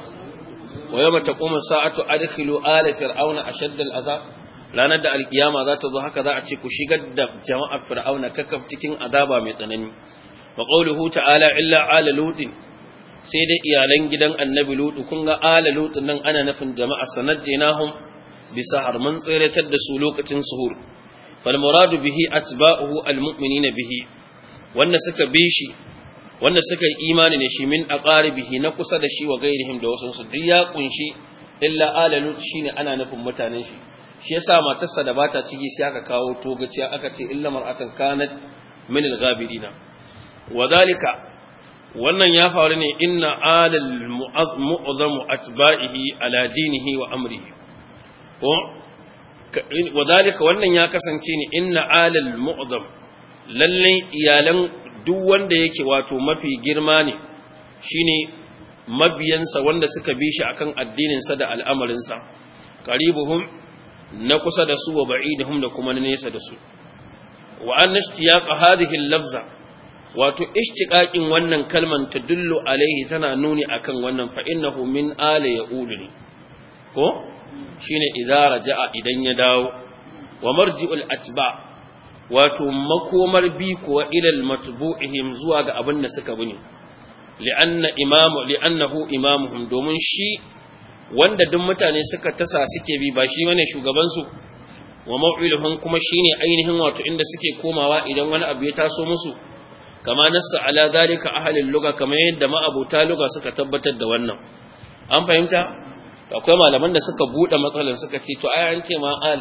wa yawma taqumu sa'atu adkhilu ala fir'auna ashadda al'azab Lanar da alkiyama za ta zo haka za a ce ku shigar da jama'ar fir'auna kakaf cikin azaba mai tsanani wa qawluhu ta'ala illa ala lutin sai dai iyalan gidan annabi lutu kun ga ala lutu nan ana nufin jama'a sanar jenahum bisa har mun tseratar da su lokacin suhur fal muradu bihi atba'uhu almu'minina bihi wanda suka bi shi wanda suka yi imani ne shi min aqaribihi na kusa da shi wa gairihim da wasu su duk ya kunshi illa ala lutu shine ana nufin mutanen shi shi yasa matarsa da bata ciki sai aka kawo togaciya aka ce illa mar'atan kanat min al-ghabirina wannan ya faru ne inna alal mu'azzamu atba'ihi ala dinihi wa amrihi ko wadalika wannan ya kasance ne inna alal mu'azzam lalle iyalan duk wanda yake wato mafi girma ne shine mabiyansa wanda suka bi shi akan addinin sa da al'amarin sa qaribuhum na kusa da su wa ba'iduhum da kuma nesa da su wa an hadhihi al-lafza wato ishtiqaqin wannan kalman tadullu alaihi tana nuni akan wannan fa innahu min ali ko shine idara raja'a idan ya dawo wa marji'ul atba wato makomar bi ko ila matbu'ihim zuwa ga abin da suka bune li'anna imamu li'annahu imamuhum domin shi wanda duk mutane suka tasa suke bi ba shi bane shugaban su wa maw'iluhum kuma shine ainihin wato inda suke komawa idan wani abu ya taso musu kama nassa ala zalika ahalin luga kamar yadda ma'abuta luga suka tabbatar da wannan an fahimta akwai malaman da suka buɗe matsalar suka ce to ai an ce ma al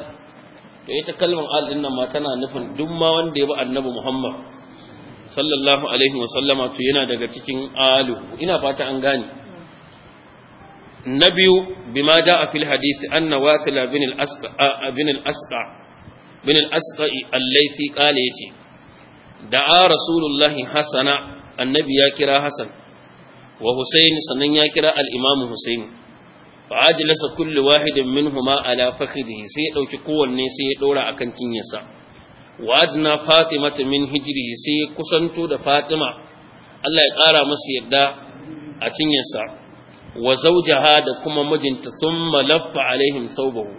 to ita kalmar al din nan ma tana nufin duk ma wanda ya bi annabi Muhammad sallallahu alaihi wa sallama to yana daga cikin alu ina fata an gane biyu, bima a fil hadisi anna wasila bin al-asqa bin al-asqa bin al-asqa al qala yace da'a rasulullahi hasana annabi ya kira hasan wa husayn sannan ya kira al-imamu husayn fa kullu wahidin minhuma ala fakhidhi sai ya dauki kowanne sai ya dora akan cinyarsa wa adna fatimata min hijri sai ya kusanto da fatima Allah ya kara masa yadda a cinyarsa wa zawjaha da kuma mijinta thumma laffa alaihim thawbahu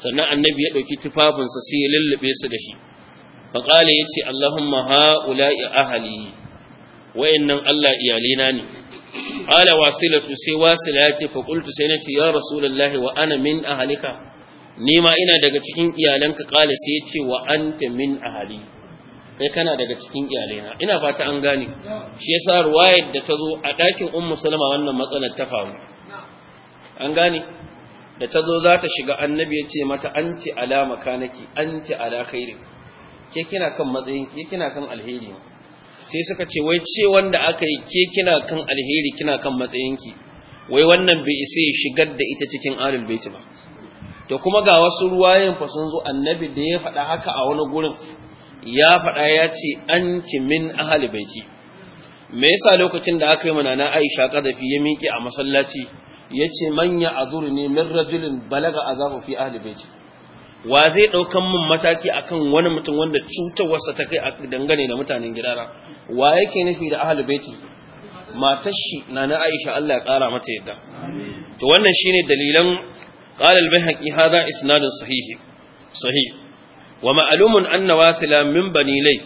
sannan annabi ya dauki tufafinsa sai ya lullube su da shi faƙala ya ce Allahumma ha'ula'i ahali wayannan Allah iyalina ne ƙala wasilatu sai wasila ya ce faƙultu sai na ce ya rasulallahi wa ana min ahalika Nema ina daga cikin iyalanka ƙala sai ya ce wa anta min ahali kai kana daga cikin iyalaina ina fata an gane shi yasa ruwayar da ta zo a ɗakin Un Musulma wannan matsalar ta faru an gane da ta zo za ta shiga annabi ya ce mata an anti ala makanaki anti ala khairin ke kina kan matsayin ke kina kan alheri sai suka ce wai ce wanda aka yi ke kina kan alheri kina kan matsayinki wai wannan bai isa ya shigar da ita cikin alul baiti ba to kuma ga wasu ruwayen fa sun zo annabi da ya faɗa haka a wani gurin ya faɗa ya ce an ci min ahli baiti me yasa lokacin da aka yi manana Aisha kadafi ya miƙe a masallaci yace manya ne min rajulin balaga azabu fi ahli baiti wa zai ɗaukan mun mataki akan wani mutum wanda cutarwarsa ta kai a dangane da mutanen gidara? wa yake nufi da ahal baiti matar shi na na aisha Allah ya ƙara mata yadda to wannan shine dalilan qala al-bayhaqi hadha isnad sahih sahih wa ma'lum anna wasila min bani lay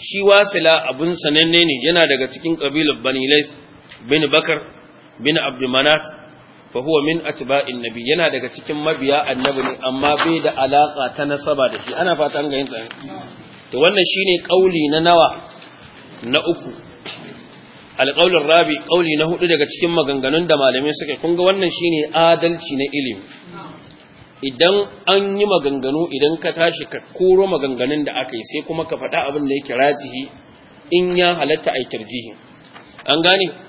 shi wasila abun sananne ne yana daga cikin kabilar bani lay bin bakar bin abd manaf fa huwa min atba'in nabi yana daga cikin mabiya annabi ne amma bai da alaka ta nasaba da shi ana fata an ga yin to wannan shine kauli na nawa na uku alqaulur rabi kauli na hudu daga cikin maganganun da malamai suka kun ga wannan shine adalci na ilimi idan an yi maganganu idan ka tashi ka koro maganganun da aka yi sai kuma ka faɗa abin da yake rajihi in ya halatta ai tarjihi an gane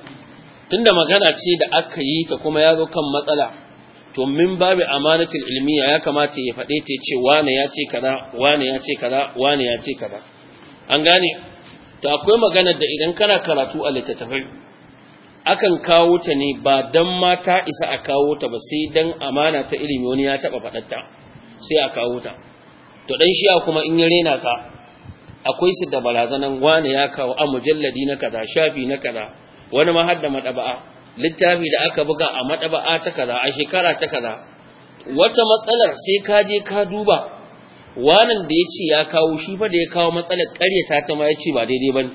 tunda magana ce da aka yi ta kuma ya zo kan matsala to min babu amanatul ilmiya ya kamata ya faɗe ta ce wane ya ce kaza wane ya ce kaza wane ya ce kaza an gane to akwai magana da idan kana karatu a littattafai akan kawo ta ne ba dan mata isa a kawo ta ba sai dan amana ta ilimi wani ya taba faɗatta sai a kawo ta to dan shi'a kuma in ya rena ka akwai su da barazanan wane ya kawo a mujalladi na kaza shafi na kaza wani ma har da madaba'a littafi da aka buga a madaba'a ta kaza a shekara ta kaza wata matsalar sai ka je ka duba wanan da ya ce ya kawo shi fa da ya kawo matsalar ƙaryata ta ma ya ce ba daidai ba ne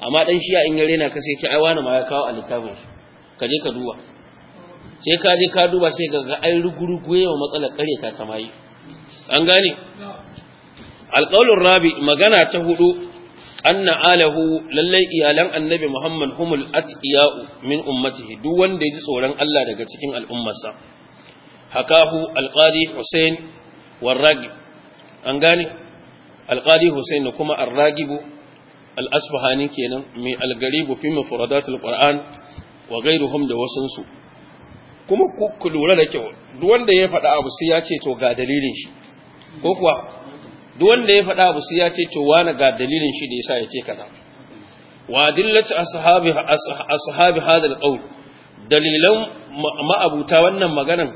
amma dan shi a in ya rena ka sai ce ai wani ma ya kawo a littafin shi ka je ka duba sai ka je ka duba sai ga ai rugurugu wa matsalar ƙaryata ta ma yi an gane alqaulur rabi magana ta hudu anna alahu lallai iyalan annabi Muhammad humul atqiya'u min ummatihi duk wanda ya ji tsoron Allah daga cikin al'ummarsa hakahu alqadi Hussein warragi an gane alqadi Hussein kuma arragibu al-asfahani kenan mai algaribu fi mufradatul qur'an wa ghayruhum da wasansu kuma ku lura da kyau duk wanda ya faɗa abu sai ya ce to ga dalilin shi ko kuwa duk wanda ya faɗa abu sai ya ce to wani ga dalilin shi da yasa ya ce kaza wa dillatu ashabi ashabi hada dalilan ma'abuta wannan maganan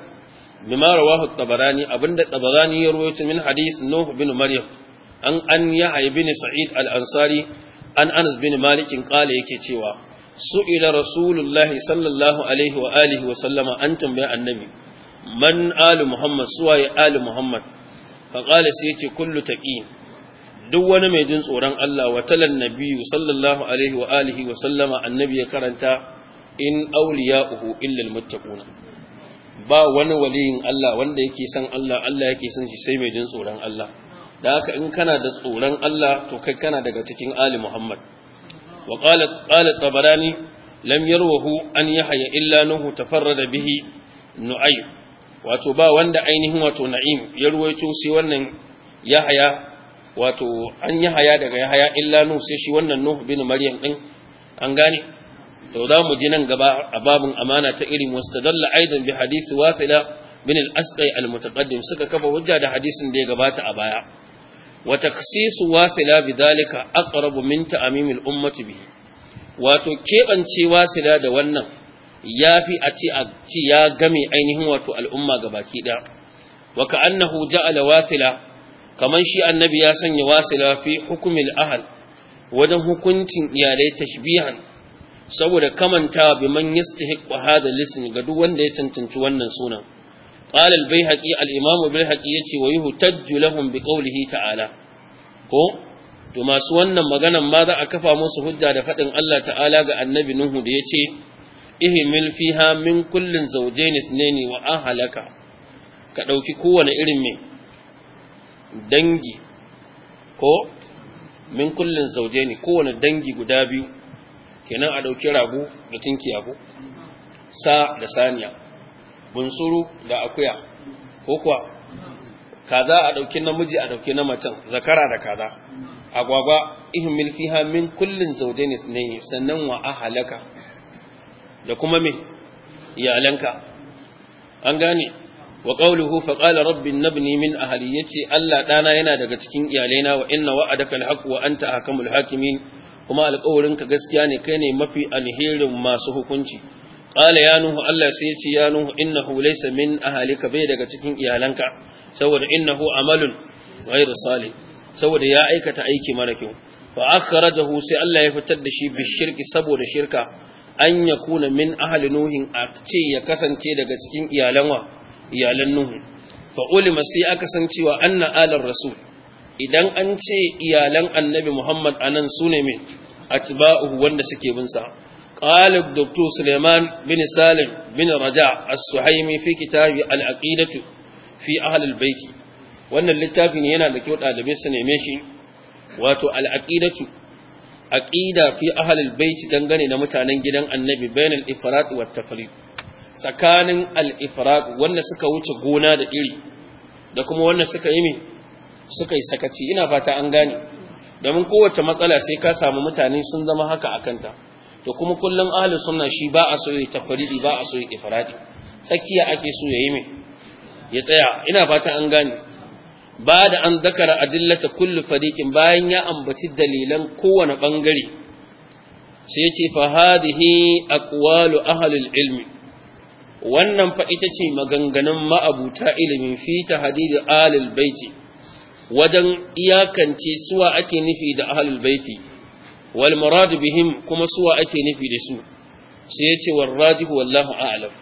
bima rawahu tabarani abinda tabarani ya rawaito min hadith nuh bin maryam an an yahya bin sa'id al-ansari an anas bin malik qala yake cewa su'ila rasulullahi sallallahu alaihi wa alihi wa sallama an tambaya annabi man alu muhammad suwaye alu muhammad faƙala sai ce kullu taƙi duk wani mai jin tsoron Allah wa talan nabiyu sallallahu alaihi wa alihi wa sallama annabi ya karanta in awliya'uhu illal almuttaquna ba wani waliyin Allah wanda yake san Allah Allah yake san shi sai mai jin tsoron Allah da haka in kana da tsoron Allah to kai kana daga cikin ali Muhammad wa qala qala tabarani lam yarwahu an yahya illa nuhu tafarrada bihi nu'ayb wato ba wanda ainihin wato na'im ya ruwaito sai wannan yahaya wato an yahaya daga yahaya illa nuh sai shi wannan nuh bin maryam din an gane to za mu ji nan gaba a babun amana ta irin wastadalla aidan bi hadisi wasila bin al-asqai al-mutaqaddim suka kafa hujja da hadisin da ya gabata a baya wa takhsisu wasila bidalika aqrabu min ta'amim al-ummati bihi wato kebance wasila da wannan ya fi a ya game ainihin wato al'umma ga baki ɗaya wa ka annahu ja'ala wasila kamar shi annabi ya sanya wasila fi hukumil ahal wajen hukuncin iyalai tashbihan saboda kamanta bi man yastahiqu hadha lisn ga duk wanda ya cancanci wannan sunan Ƙalal bai haƙi, al bai haƙi baihaqi yace wa yuhtajju lahum bi ta'ala ko to masu wannan maganan ma za a kafa musu hujja da faɗin Allah ta'ala ga annabi nuhu da yace ihmil fiha min kullin zawjayn isnaini wa ahlaka ka dauki kowane irin mai dangi ko min kullin zawjayn kowane dangi guda biyu kenan a dauki rago da tinkiya ko sa da saniya bunsuru da akuya ko kuwa kaza a dauki namiji a dauki na macen zakara da kaza agwagwa ihmil fiha min kullin zawjayn isnaini sannan wa ahlaka da kuma me iyalanka an gane wa qawluhu fa na rabbi nabni min ya yace Allah ɗana yana daga cikin iyalaina wa inna wa'adaka alhaq wa anta ahkamul hakimin kuma alƙawarinka gaskiya ne kai ne mafi alherin masu hukunci qala ya nuhu Allah sai yace ya nuhu innahu laysa min ka bai daga cikin iyalanka saboda innahu amalun ghairu salih saboda ya aikata aiki mara kyau fa akhrajahu sai Allah ya fitar da shi bishirki saboda shirka an ya kuna min ahalin nuhin a ce ya kasance daga cikin iyalan nuhu fa ulima sai aka san cewa anna alar rasul idan an ce iyalan annabi muhammad anan su ne min uku wanda suke bin sa dr suleiman bin salim bin raja as-suhaimi fi kitabi al fi ahli al-baiti wannan littafin yana da kyau ɗalibai su neme shi wato al-aqidatu aqida fi ahlil bait dangane na mutanen gidan annabi bainal ifrat wa tafriq tsakanin al ifrat wanda suka wuce gona da iri da kuma wanda suka yi me suka yi sakaci ina fata an gane domin kowace matsala sai ka samu mutane sun zama haka akanta to kuma kullun ahlus sunna shi ba a so yi tafridi ba a so yi ifradi tsakiya ake so yayi me ya tsaya ina fata an gane ba da an zakara adillata kullu fariƙin bayan ya ambaci dalilan kowane bangare sai yace fa hadhihi aqwalu ahli ilmi wannan fa ita ce maganganun ma'abuta ilimin fi tahdid ahli baiti wajen iyakance suwa ake nufi da ahlul baiti wal murad bihim kuma suwa ake nufi da su sai yace warradihu wallahu a'lam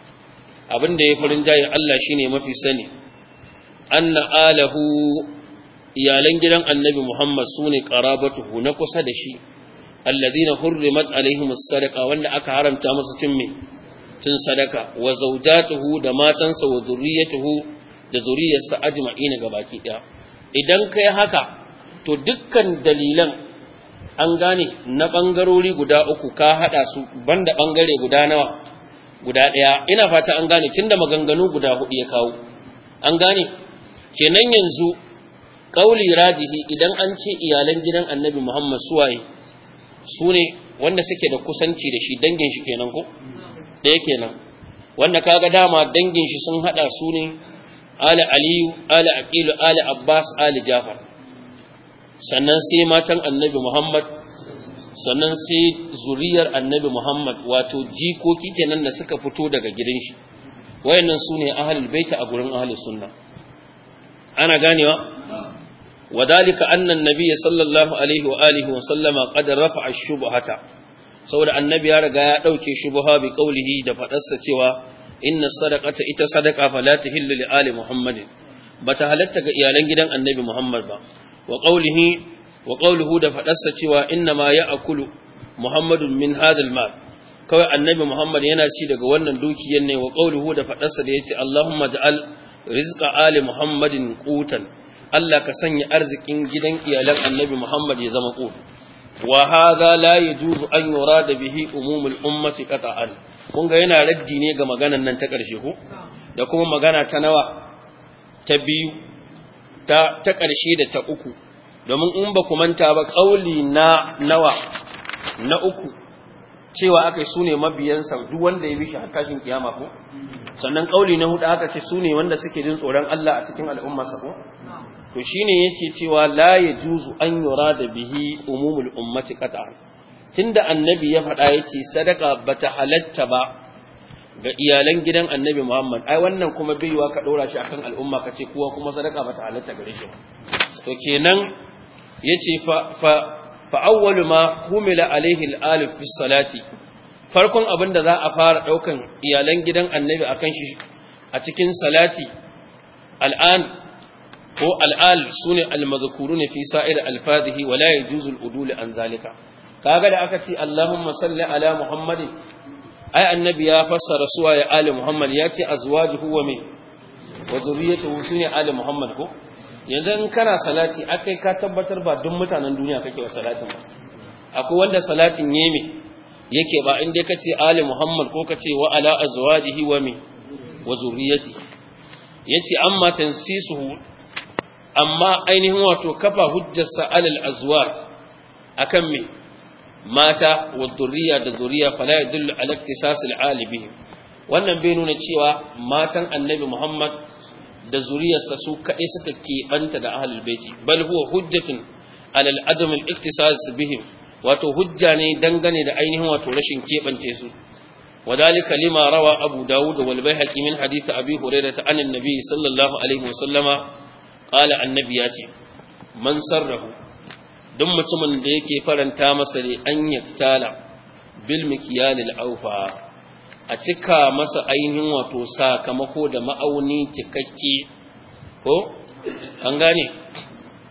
abinda ya farin jayin Allah shine mafi sani anna alahu iyalan gidan annabi Muhammad sune tuhu na kusa da shi alladhina hurrimat alaihimus sadaqa wanda aka haramta musu cin me tun sadaka wa zaujatuhu da matansa wa zurriyatuhu da zuriyarsa ajma'ina gabaki ɗaya. idan kai haka to dukkan dalilan an gane na bangarori guda uku ka hada su banda bangare guda nawa guda daya ina fata an gane tunda maganganu guda hudu ya kawo an gane kenan yanzu kauli radihi idan an ce iyalan gidan annabi muhammad suwaye su ne wanda suke da kusanci da shi dangin shi kenan ko ɗaya kenan wanda kaga dama dangin shi sun hada su ne ali aliyu ali aqilu ali abbas ali jafar sannan sai matan annabi muhammad sannan sai zuriyar annabi muhammad wato jikoki kenan da suka fito daga gidan shi wayannan su ne ahlul baiti a gurin ahlus sunna ana ganewa wadalika annan nabiy sallallahu alaihi wa alihi wa sallama qad rafa'a shubhata saboda annabi ya riga ya dauke shubha bi qawlihi da fadarsa cewa inna sadaqata ita sadaqa fala tahillu li ali muhammadin bata halatta ga iyalan gidan annabi muhammad ba wa qawlihi wa qawluhu da fadarsa cewa inna ma ya'kulu muhammadun min hadha mal kawai annabi muhammad yana ci daga wannan dukiyar ne wa qawluhu da fadarsa da yace allahumma ja'al rizqa ali muhammadin kutan. Allah ka sanya arzikin gidan iyalan annabi muhammad ya zama qutu wa hadha la yajuzu an da bihi umumul ummati qata'an kun ga yana raddi ne ga maganan nan ta karshe ko da kuma magana ta nawa ta biyu ta ta karshe da ta uku domin in ba ku manta ba kauli na nawa na uku cewa aka yi sune mabiyansa duk wanda ya wuce harkashin kiyama ko sannan kauli na hudu aka ce sune wanda suke jin tsoron Allah a cikin al'ummarsa ko to shine yake cewa la juzu an da bihi umumul ummati qata tunda annabi ya faɗa yace sadaka bata halatta ba ga iyalan gidan annabi Muhammad ai wannan kuma baiwa ka dora shi akan al'umma kace kowa kuma sadaka bata halatta gare shi to kenan yace fa fa ma humila alaihi al fi salati farkon abin da za a fara ɗaukan iyalan gidan annabi akan shi a cikin salati al'an ko al'al sune al-mazkurun fi sa'ir al-fadhihi wa la yajuzu an zalika kaga da aka ce Allahumma salli ala Muhammadin ai annabi ya fassara rasuwa ya ali Muhammad ya ce azwajuhu wa min wa zurriyyatuhu sune ali Muhammad ko yanzu in kana salati akai ka tabbatar ba duk mutanen duniya kake wa salatin ba akwai wanda salatin yeme yake ba inda ka ce ali muhammad ko ka ce wa ala azwajihi wa mi wa zuriyati yace amma tansisuhu amma ainihin wato kafa hujjarsa alal azwaj akan me mata wa zuriya da zuriya fala yadullu ala iktisas al alibi wannan bai nuna cewa matan annabi muhammad da zuriyarsa su kaɗai suka keɓanta da ahalul baiti bal huwa hujjatun alal adam al iktisas bihim wato hujja ne dangane da ainihin wato rashin keɓance su وذلك لما روى أبو داود والبيهقي من حديث أبي هريرة عن النبي صلى الله عليه وسلم قال النبي ياتي من سره don mutumin da yake faranta masa ne an yaktala bil mikiyalil aufa a cika masa ainihin wato sakamako da ma'auni cikakke ko an gane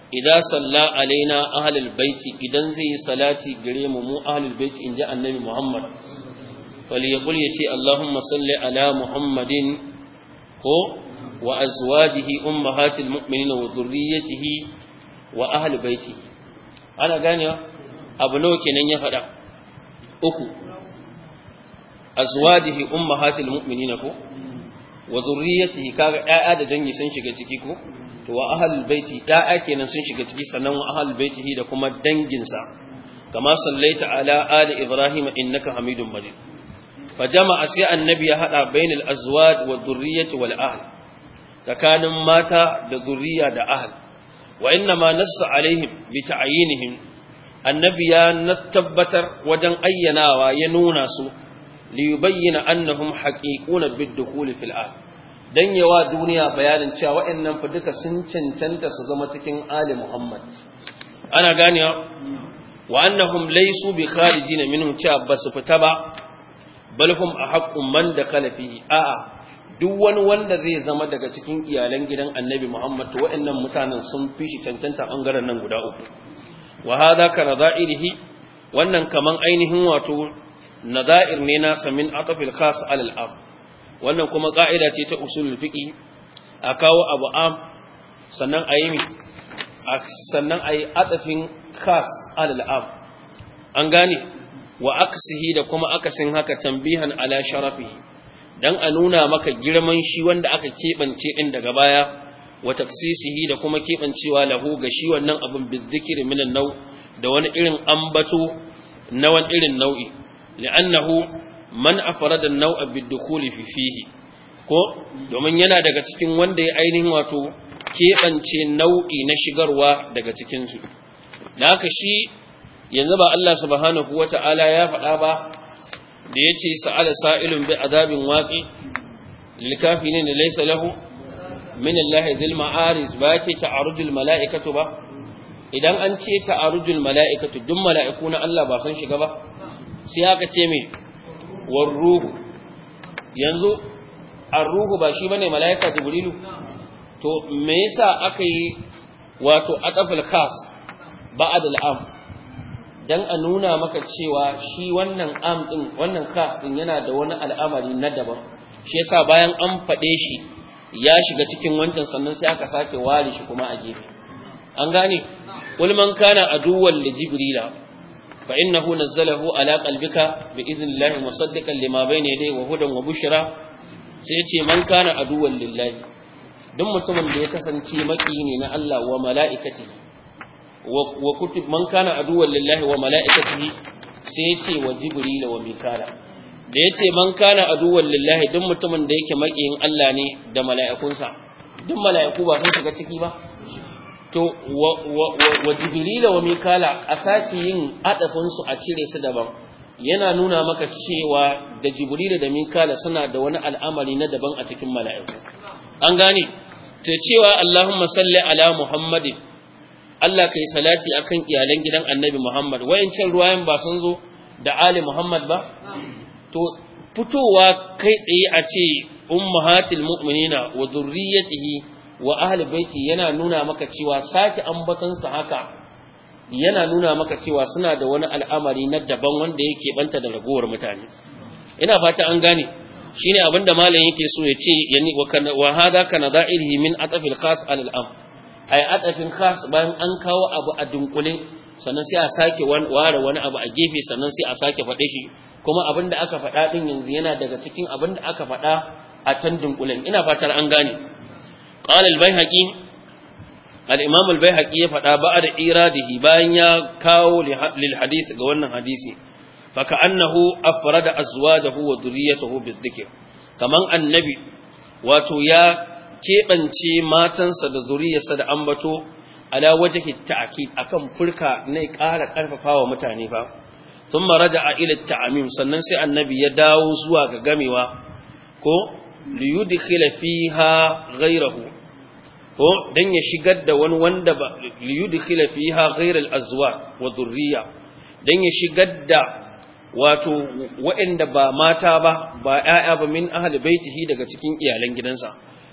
idan salla alaina ahlul baiti idan zai yi salati gare mu mu ahlul baiti inji annabi muhammad ya falyaqul yace allahumma salli ala muhammadin ko wa azwajihi ummahatil mu'minin wa dhurriyyatihi wa ahlul baiti ana gane abu nawa kenan ya faɗa uku azwajihi ummahatil na ko wa zurriyatihi kaga yaya da dangi sun shiga ciki ko to wa ahlul baiti ƴaƴa kenan sun shiga ciki sannan wa ahlul baitihi da kuma danginsa kama sallaita ala ali ibrahim innaka hamidum majid fa jama'a sai annabi ya hada bainal azwaj wa dhurriyyati wal ahl tsakanin mata da zurriya da ahl wa inna ma nassa alaihim bi ta'yinihim annabi ya tabbatar wajen ayyanawa ya nuna su li yubayyana annahum haqiquna bid-dukhul fil ard dan yawa duniya bayanin cewa waɗannan fa duka sun cancanta su zama cikin ali Muhammad ana ganewa wa annahum laysu bi kharijin minhum cewa basu fita ba balhum a ahaqqum man dakala fihi a'a duk wani wanda zai zama daga cikin iyalan gidan annabi Muhammad to waɗannan mutanen sun fi shi cancanta ɓangaren nan guda uku wa hadha ka rada'ilihi wannan kaman ainihin wato nada'ir ne nasa min atafil khas alal am wannan kuma ka'ida ce ta usulul fiqi a kawo abu am sannan a yi sannan a atafin khas alal am an gane wa aksihi da kuma akasin haka tambihan ala sharafihi dan a nuna maka girman shi wanda aka keɓance din daga baya wa taksisihi da kuma kebancewa lahu ga shi wannan abun bizikir minan nau da wani irin ambato na wani irin nau'i li'annahu man afrada النوع بالدخول في فيه ko domin yana daga cikin wanda ya ainihin wato keɓance nau'i na shigarwa daga cikin su da shi yanzu ba Allah subhanahu wata'ala ya faɗa ba da yace sa'ala sa'ilun bi azabin waqi lil kafirin laysa lahu min Allah dhil ma'aris ba ce arujul mala'ikatu ba idan an ce ta arujul mala'ikatu duk mala'iku na Allah ba san shiga ba sai aka ce mai war ruhu yanzu arruhu ba shi bane malaika jibrilu to me yasa aka yi wato atafal khas ba'ad al'am dan a nuna maka cewa shi wannan am din wannan khas din yana da wani al'amari na daban shi yasa bayan an fade shi ya shiga cikin wancan sannan sai aka sake ware shi kuma a gefe an gane kul man kana aduwwan li jibrila fa innahu nazzalahu ala qalbika bi idhnillahi musaddiqan lima ne yadayhi wa hudan wa bushra sai yace man kana aduwwan lillahi duk mutumin da ya kasance maki ne na Allah wa mala'ikatihi wa man kana aduwwan lillahi wa mala'ikatihi sai yace wa jibril wa mikala da ya ce man kana aduwan lillahi mutumin da yake maƙiyin Allah ne da mala'ikunsa ba sun shiga ciki ba to wa jibrila wa mikala a sake yin adafinsu a cire su daban yana nuna maka cewa da jibrila da mikala suna da wani al'amari na daban a cikin mala'iku an gane ta cewa allahumma salli ala muhammadin allah kai salati akan iyalan gidan annabi muhammad wayancin ruwayan ba sun zo da ali muhammad ba to fitowa kai tsaye a ce ummahatil mu'minina wa zurriyyatihi wa ahli baiti yana nuna maka cewa saki ambatansa haka yana nuna maka cewa suna da wani al'amari na daban wanda yake banta da ragowar mutane ina fata an gane shine abinda malamin yake so ya ce yani wa hada kana da'ilhi min atafil khas alal am ay atafin khas bayan an kawo abu a dunkule sannan sai a sake ware wani abu a gefe sannan sai a sake faɗe shi kuma abin da aka faɗa ɗin yanzu yana daga cikin abin da aka faɗa a can dunkulen ina fatar an gane qala al-baihaqi al-imam al-baihaqi ya faɗa ba'da iradihi bayan ya kawo lil ga wannan hadisi faka annahu afrada azwajahu wa dhurriyyatahu bidhikr kaman annabi wato ya keɓance matansa da zuriyarsa da ambato ala wajhi ta'kid akan furka ne ƙara ƙarfafawa mutane fa thumma raja'a ila tamim sannan sai annabi ya dawo zuwa ga gamewa ko liyudkhila fiha ghayrahu ko dan ya shigar da wani wanda ba liyudkhila fiha ghayra al-azwaj wa dhurriya dan ya shigar da wato waɗanda ba mata ba ba yaya ba min ahli baitihi daga cikin iyalan gidansa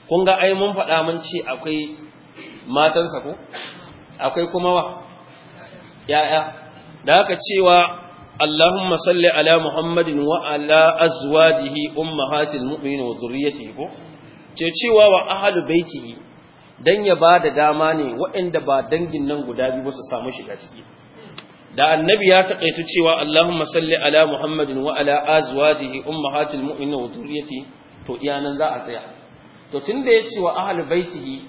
kun ga ai mun faɗa mun ce akwai matansa ko akwai kuma wa Yaya? da haka cewa Allahumma salli ala Muhammadin wa ala azwajihi ummahatil mu'minin wa zurriyyatihi ko ce cewa wa ahlu baitihi dan ya bada dama ne waɗanda ba dangin nan guda biyu ba su samu shiga ciki da annabi ya takaitu cewa Allahumma salli ala Muhammadin wa ala azwajihi ummahatil mu'minin wa zurriyyatihi to iya nan za a tsaya to tunda ya ce wa ahlu baitihi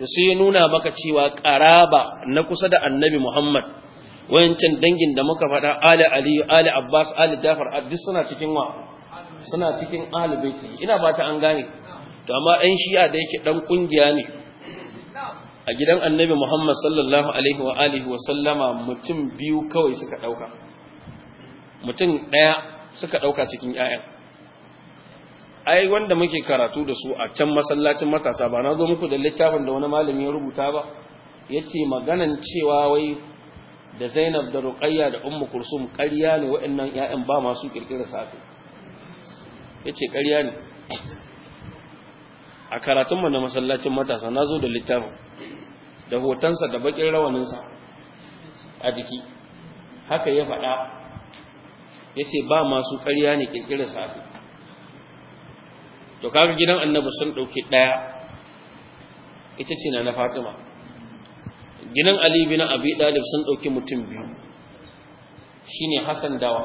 to sai ya nuna maka cewa qaraba na kusa da annabi Muhammad wayancan dangin da muka faɗa ali aliyu ali abbas ali jafar duk suna cikin wa suna cikin alibaiti ina ba ta an gane to amma ɗan shi'a da yake ɗan ƙungiya ne a gidan annabi muhammad sallallahu alaihi wa alihi wa sallama mutum biyu kawai suka ɗauka mutum ɗaya suka ɗauka cikin 'ya'yan ai wanda muke karatu da su a can masallacin matasa ba na zo muku da littafin da wani malami ya rubuta ba yace maganan cewa wai da Zainab da Ruqayya da Ummu Kursum, ƙarya ne waɗannan ƴaƴan ba masu kirkira safi yace ƙarya ne a karatun na masallacin matasa nazo da littafin da hotonsa da bakin rawaninsa a jiki haka ya faɗa yace ba masu ƙarya ne kirkira safi to kaga gidan Annabi sun ɗauki ɗaya. ita ce na Fatima ginin ali bin abi dalib sun dauki mutum biyu shine hasan dawa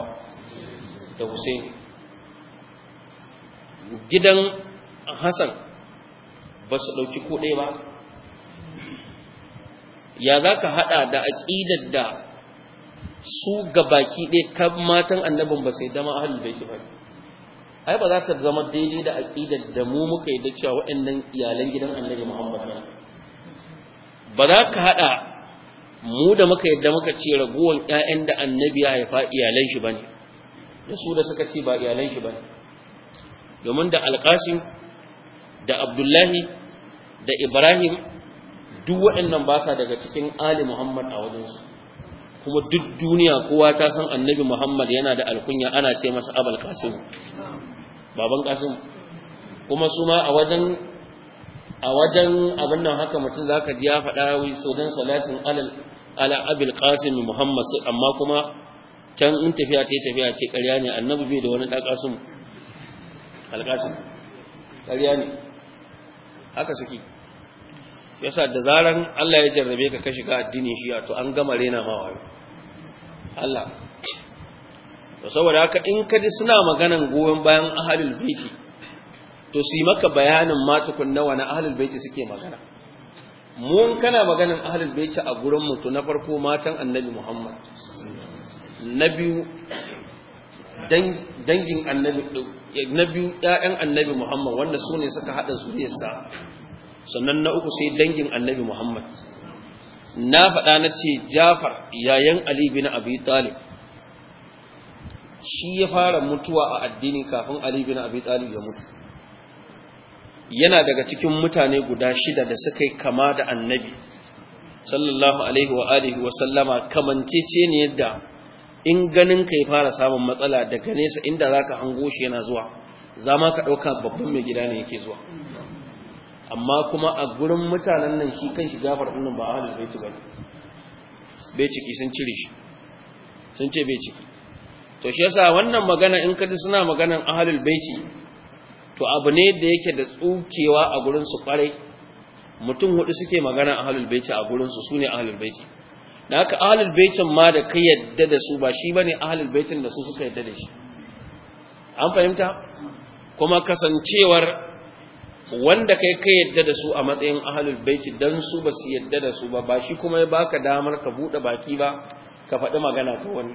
da husaini gidan hasan ba su dauki ko dai ba ya za ka haɗa da aqidar da su gabaki ɗaya kan matan annabin ba sai dama ahalul baiti ba ai ba za ta zama daidai da aqidar da mu muka yi da cewa waɗannan iyalan gidan annabi Muhammad ba za ka haɗa mu da muka yadda muka ce raguwan ‘ya'yan da annabi ya haifa iyalan shi ba ne da su da suka ce ba iyalan shi ba ne domin da alƙasim da abdullahi da ibrahim duk waɗannan ba sa daga cikin ali muhammad a wajensu kuma duk duniya kowa ta san annabi muhammad yana da alkunya ana ce masa abal kasim baban kasim kuma su ma a wajen a wajen abin nan haka mutum za ka ji ya faɗa wai so don salatin ala abil qasim muhammad amma kuma can in tafiya ta yi tafiya ce ƙarya ne annabi bai da wani ɗaƙasun alƙasun ƙarya ne haka suke yasa da zaran allah ya jarrabe ka ka shiga addinin a to an gama rena mawaye allah da saboda haka in ka ji suna maganan goyon bayan ahalul baiti to su yi maka bayanin matukun nawa na ahlul baiti suke magana mun kana maganin ahlul baiti a gurin mutu na farko matan annabi muhammad na biyu dangin annabi na biyu ƴaƴan annabi muhammad wanda su ne suka haɗa zuriyarsa sannan na uku sai dangin annabi muhammad na faɗa na ce jafar yayan ali bin abi talib shi ya fara mutuwa a addini kafin ali bin abi talib ya mutu yana daga cikin mutane guda shida da suka yi kama da annabi sallallahu alaihi wa alihi wa sallama ce ne yadda in ganin ka fara samun matsala daga nesa inda zaka hango shi yana zuwa zama ka dauka babban mai gida ne yake zuwa amma kuma a gurin mutanen nan shi kan shi gafar ɗin ba ahlul baiti bane bai ciki sun cire shi sun ce bai ciki to shi yasa wannan magana in ka ji suna maganan ahlul baiti to abu ne da yake da tsukewa a gurinsu kwarai mutum hudu suke magana a ahlul baiti a gurinsu su ne ahlul baiti da haka ahlul baitin ma da kai yadda da su ba shi ba ne a ahlul baitin da su suka yadda da shi an fahimta kuma kasancewar wanda kai kai yadda da su a matsayin a ahlul baiti don su ba su yadda da su ba ba shi kuma ya baka damar ka buɗe baki ba ka faɗi magana ta wani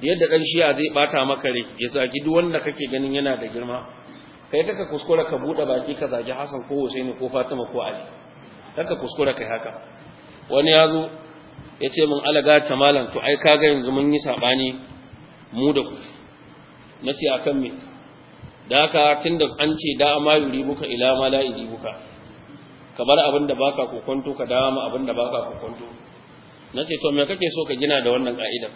da yadda ɗan shiya zai ɓata maka rai ya zagi duk wanda kake ganin yana da girma kai taka kuskura ka bude baki ka zagi Hassan ko Husaini ko Fatima ko Ali taka kuskura kai haka wani yazo yace min alaga ta malam to ai kaga yanzu mun yi sabani mu da ku nace akan me da ka tunda an ce da ma yuri buka ila ma la idi buka ka bar abin da baka kokonto ka dawo ma abin da baka kokonto nace to me kake so ka gina da wannan ka'idar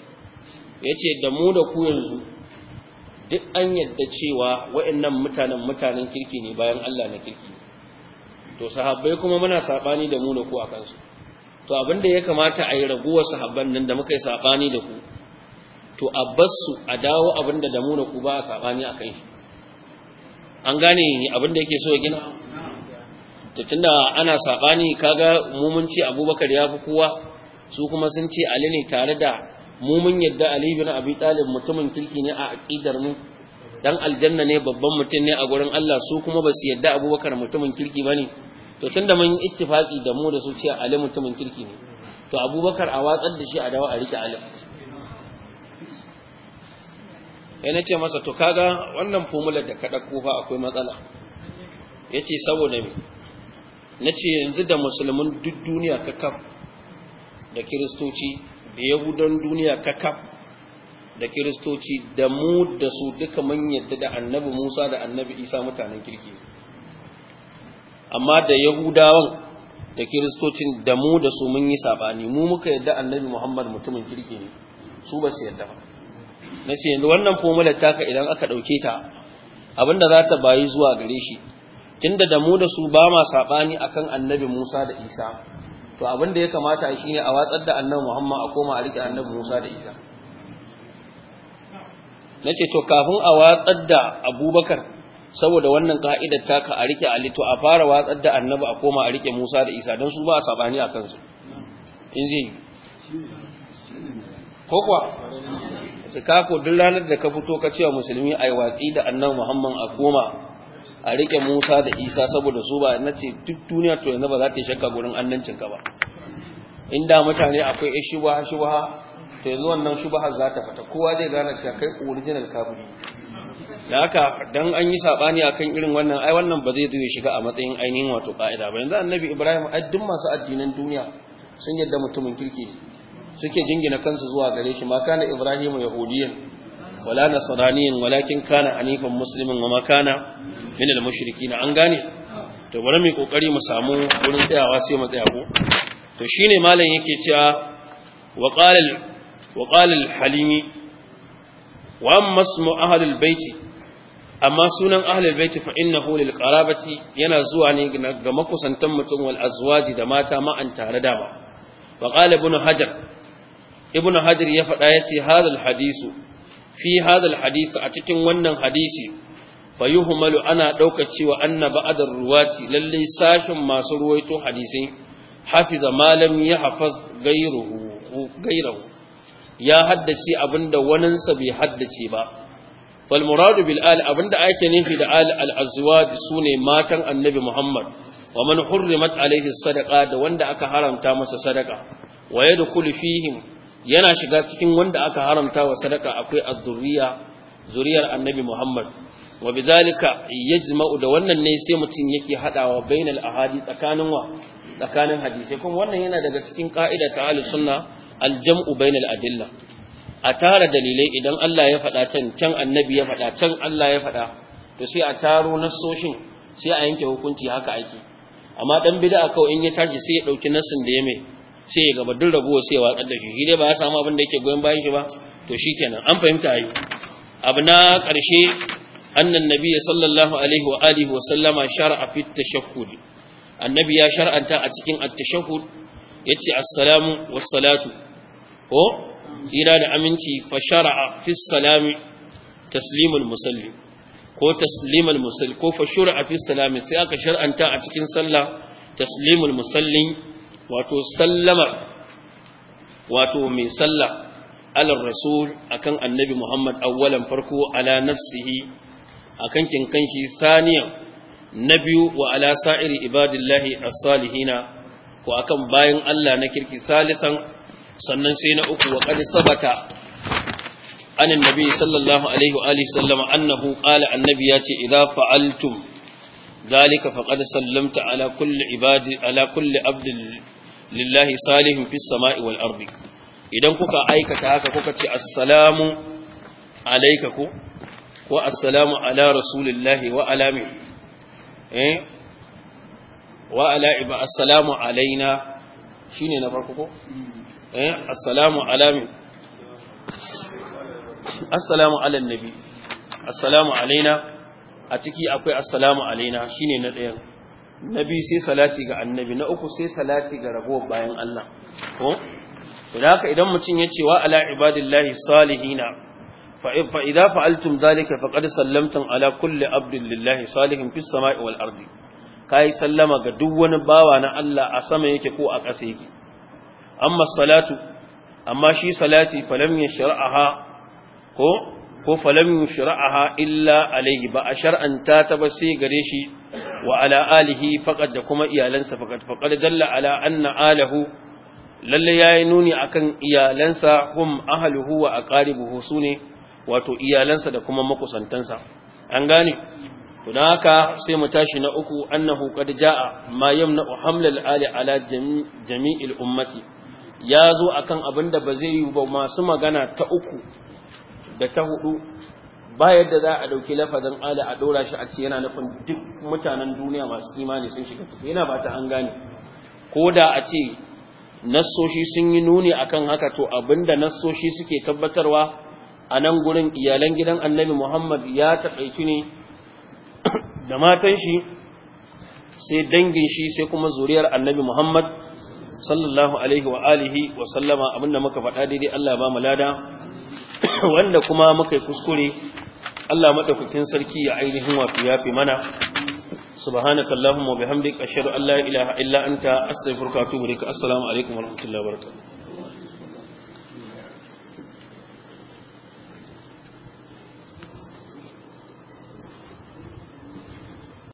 yace da mu da ku yanzu duk an yadda cewa wa'annan mutanen mutanen kirki ne bayan Allah na kirki to sahabbai kuma muna sabani da mu da ku akan su to abinda ya kamata a yi raguwar sahabban nan da muka yi sabani da ku to a bassu a dawo abinda da mu da ku ba a sabani a kai an gane abinda yake so ya gina to tunda ana sabani kaga mu mun ce Abubakar ya fi kowa su kuma sun ce Ali ne tare da mu mun yadda Ali bin Abi Talib mutumin kirki ne a aqidar mu dan aljanna ne babban mutum ne a gurin Allah su kuma ba su yadda Abubakar mutumin kirki bane to tunda mun yi ittifaki da mu da su cewa Ali mutumin kirki ne to Abubakar a watsar da shi a dawo a rike Ali ya nace masa to kaga wannan fumular da ka dauko fa akwai matsala yace saboda me nace yanzu da musulmin duk duniya ka kaf da kiristoci da yahudan duniya kakaf da kiristoci da mu da su duka mun yadda da annabi musa da annabi isa mutanen kirki amma da yahudawan da kiristocin da mu da su mun yi sabani mu muka yadda annabi muhammad mutumin kirki ne su ba su yadda ba na ce wannan fomular taka idan aka ɗauke ta abinda za ta bayi zuwa gare shi tunda da mu da su ba ma sabani akan annabi musa da isa to abin da ya kamata shi ne a watsar da annabi Muhammad a koma a rike annabi Musa da ita ce to kafin a watsar da Abubakar saboda wannan ka'idar taka a rike Ali to a fara watsar da annabi a koma a rike Musa da Isa don su ba a sabani a kansu in ji ko kuwa sai ka duk ranar da ka fito ka cewa musulmi yi watsi da annabi Muhammad a koma a rike Musa da Isa saboda su ba na ce duk duniya to yanzu ba za ta shakka gurin annancin ka ba inda mutane akwai ai shubha shubha to yanzu wannan shubha za ta fita kowa zai gane cewa kai original kafiri da haka dan an yi sabani akan irin wannan ai wannan ba zai zo shiga a matsayin ainihin wato ka'ida ba yanzu annabi Ibrahim ai duk masu addinan duniya sun yadda mutumin kirki suke jingina kansu zuwa gare shi ma kana Ibrahim yahudiyan wala nasraniyin walakin kana hanifan muslimin wa makana min al an gane to bari mu kokari mu samu gurin tsayawa sai mu tsaya ko to shine malam yake cewa wa qala wa qala al-halimi wa amma ismu ahli al amma sunan ahli al-bayt fa innahu lil qarabati yana zuwa ne ga makusantan mutum wal azwaji da mata ma an tare da ba wa qala ibn hajar ibn hajar ya faɗa yace hadal hadisu fi hadal hadisi a cikin wannan hadisi fayuhmalu ana ɗauka cewa anna ba'adar ruwati lalle sashin masu ruwaito hadisi hafiza malam ya hafaz gairahu ya haddace abinda waninsa bai haddace ba fal muradu bil al abinda ake nufi da al al azwaj sune matan annabi muhammad wa man hurrimat alaihi sadaqa da wanda aka haramta masa sadaqa wa yadkhulu fihim yana shiga cikin wanda aka haramta wa sadaka akwai azzuriya zuriyar annabi Muhammad wa bidalika yajma'u da wannan ne sai mutum yake hadawa bainal ahadi tsakanin wa tsakanin hadisi kuma wannan yana daga cikin ka'ida ta ahli sunna aljam'u bainal adilla a tara dalilai idan Allah ya faɗa can can annabi ya faɗa can Allah ya faɗa to sai a taro nassoshin sai a yanke hukunci haka ake amma dan bid'a kawai in ya tashi sai ya dauki nasin da ya mai sai ya gaba duk ragowa sai ya watsar da shi shi dai ba ya samu abin da yake goyon bayan shi ba to shi shikenan an fahimta yi abu na ƙarshe annan nabi sallallahu alaihi wa alihi wa sallama shar'a fi tashahhud annabi ya shar'anta a cikin at-tashahhud yace assalamu was-salatu ko tsira da aminci fa shar'a fi salami taslimul musalli ko taslimul musalli ko fa shur'a fi salami sai aka shar'anta a cikin sallah taslimul musallin wato sallamar wato mai sallah alar rasul akan annabi Muhammad awwalan farko ala nafsihi akan kinkan shi saniyan na biyu wa ala sa'iri ibadillahi as-salihina ko akan bayan Allah na kirki salisan sannan sai na uku wa qad sabata an annabi sallallahu alaihi wa alihi sallama annahu qala annabi yace idza fa'altum dhalika faqad sallamta ala kulli ibadi ala kulli abdin lillahi salihin fis sama'i wal ardi idan kuka aikata haka kuka ce assalamu alayka ko wa assalamu ala rasulillahi wa ala min eh wa ala iba assalamu alaina shine na farko ko eh assalamu ala min assalamu ala nabi assalamu alaina a ciki akwai assalamu alaina shine na ɗayan na biyu sai salati ga annabi na uku sai salati ga ragowar bayan Allah ko idan idan mutum ya ce wa ala ibadillahi salihina fa idza fa'altum dhalika faqad sallamtum ala kulli abdin lillahi salihin fis sama'i wal ardi kai sallama ga duk wani bawa na Allah a sama yake ko a ƙasa yake amma salatu amma shi salati falam yashra'aha ko ko falam yushra'aha illa alaihi. ba a shar'anta ta ba sai gare shi wa ala alihi faqad da kuma iyalansa faqad faqad dalla ala anna alahu lalle yayi nuni akan iyalansa hum ahluhu wa aqaribuhu sune wato iyalansa da kuma makusantansa an gane to dan haka sai mu tashi na uku annahu qad jaa ma yamna hamlal ali ala jami'il ummati ya zo akan abinda ba zai yi ba masu magana ta uku da ta hudu ba yadda za a dauki lafazin ala a dora shi a ce yana nufin duk mutanen duniya masu imani sun shiga ciki yana ba ta an gane ko da a ce nassoshi sun yi nuni akan haka to abinda nassoshi suke tabbatarwa a nan gurin iyalan gidan annabi muhammad ya taƙaitu ne da matan shi sai dangin shi sai kuma zuriyar annabi muhammad sallallahu alaihi wa alihi wa sallama abinda muka faɗa daidai allah ba mu lada wanda kuma muka yi kuskure Allah maɗaukakin sarki ya ainihin ya fi mana subhanaka allahumma bihamdika ashhadu an la ilaha illa anta astaghfiruka wa atubu ilaik assalamu alaikum wa rahmatullahi wa barakatuh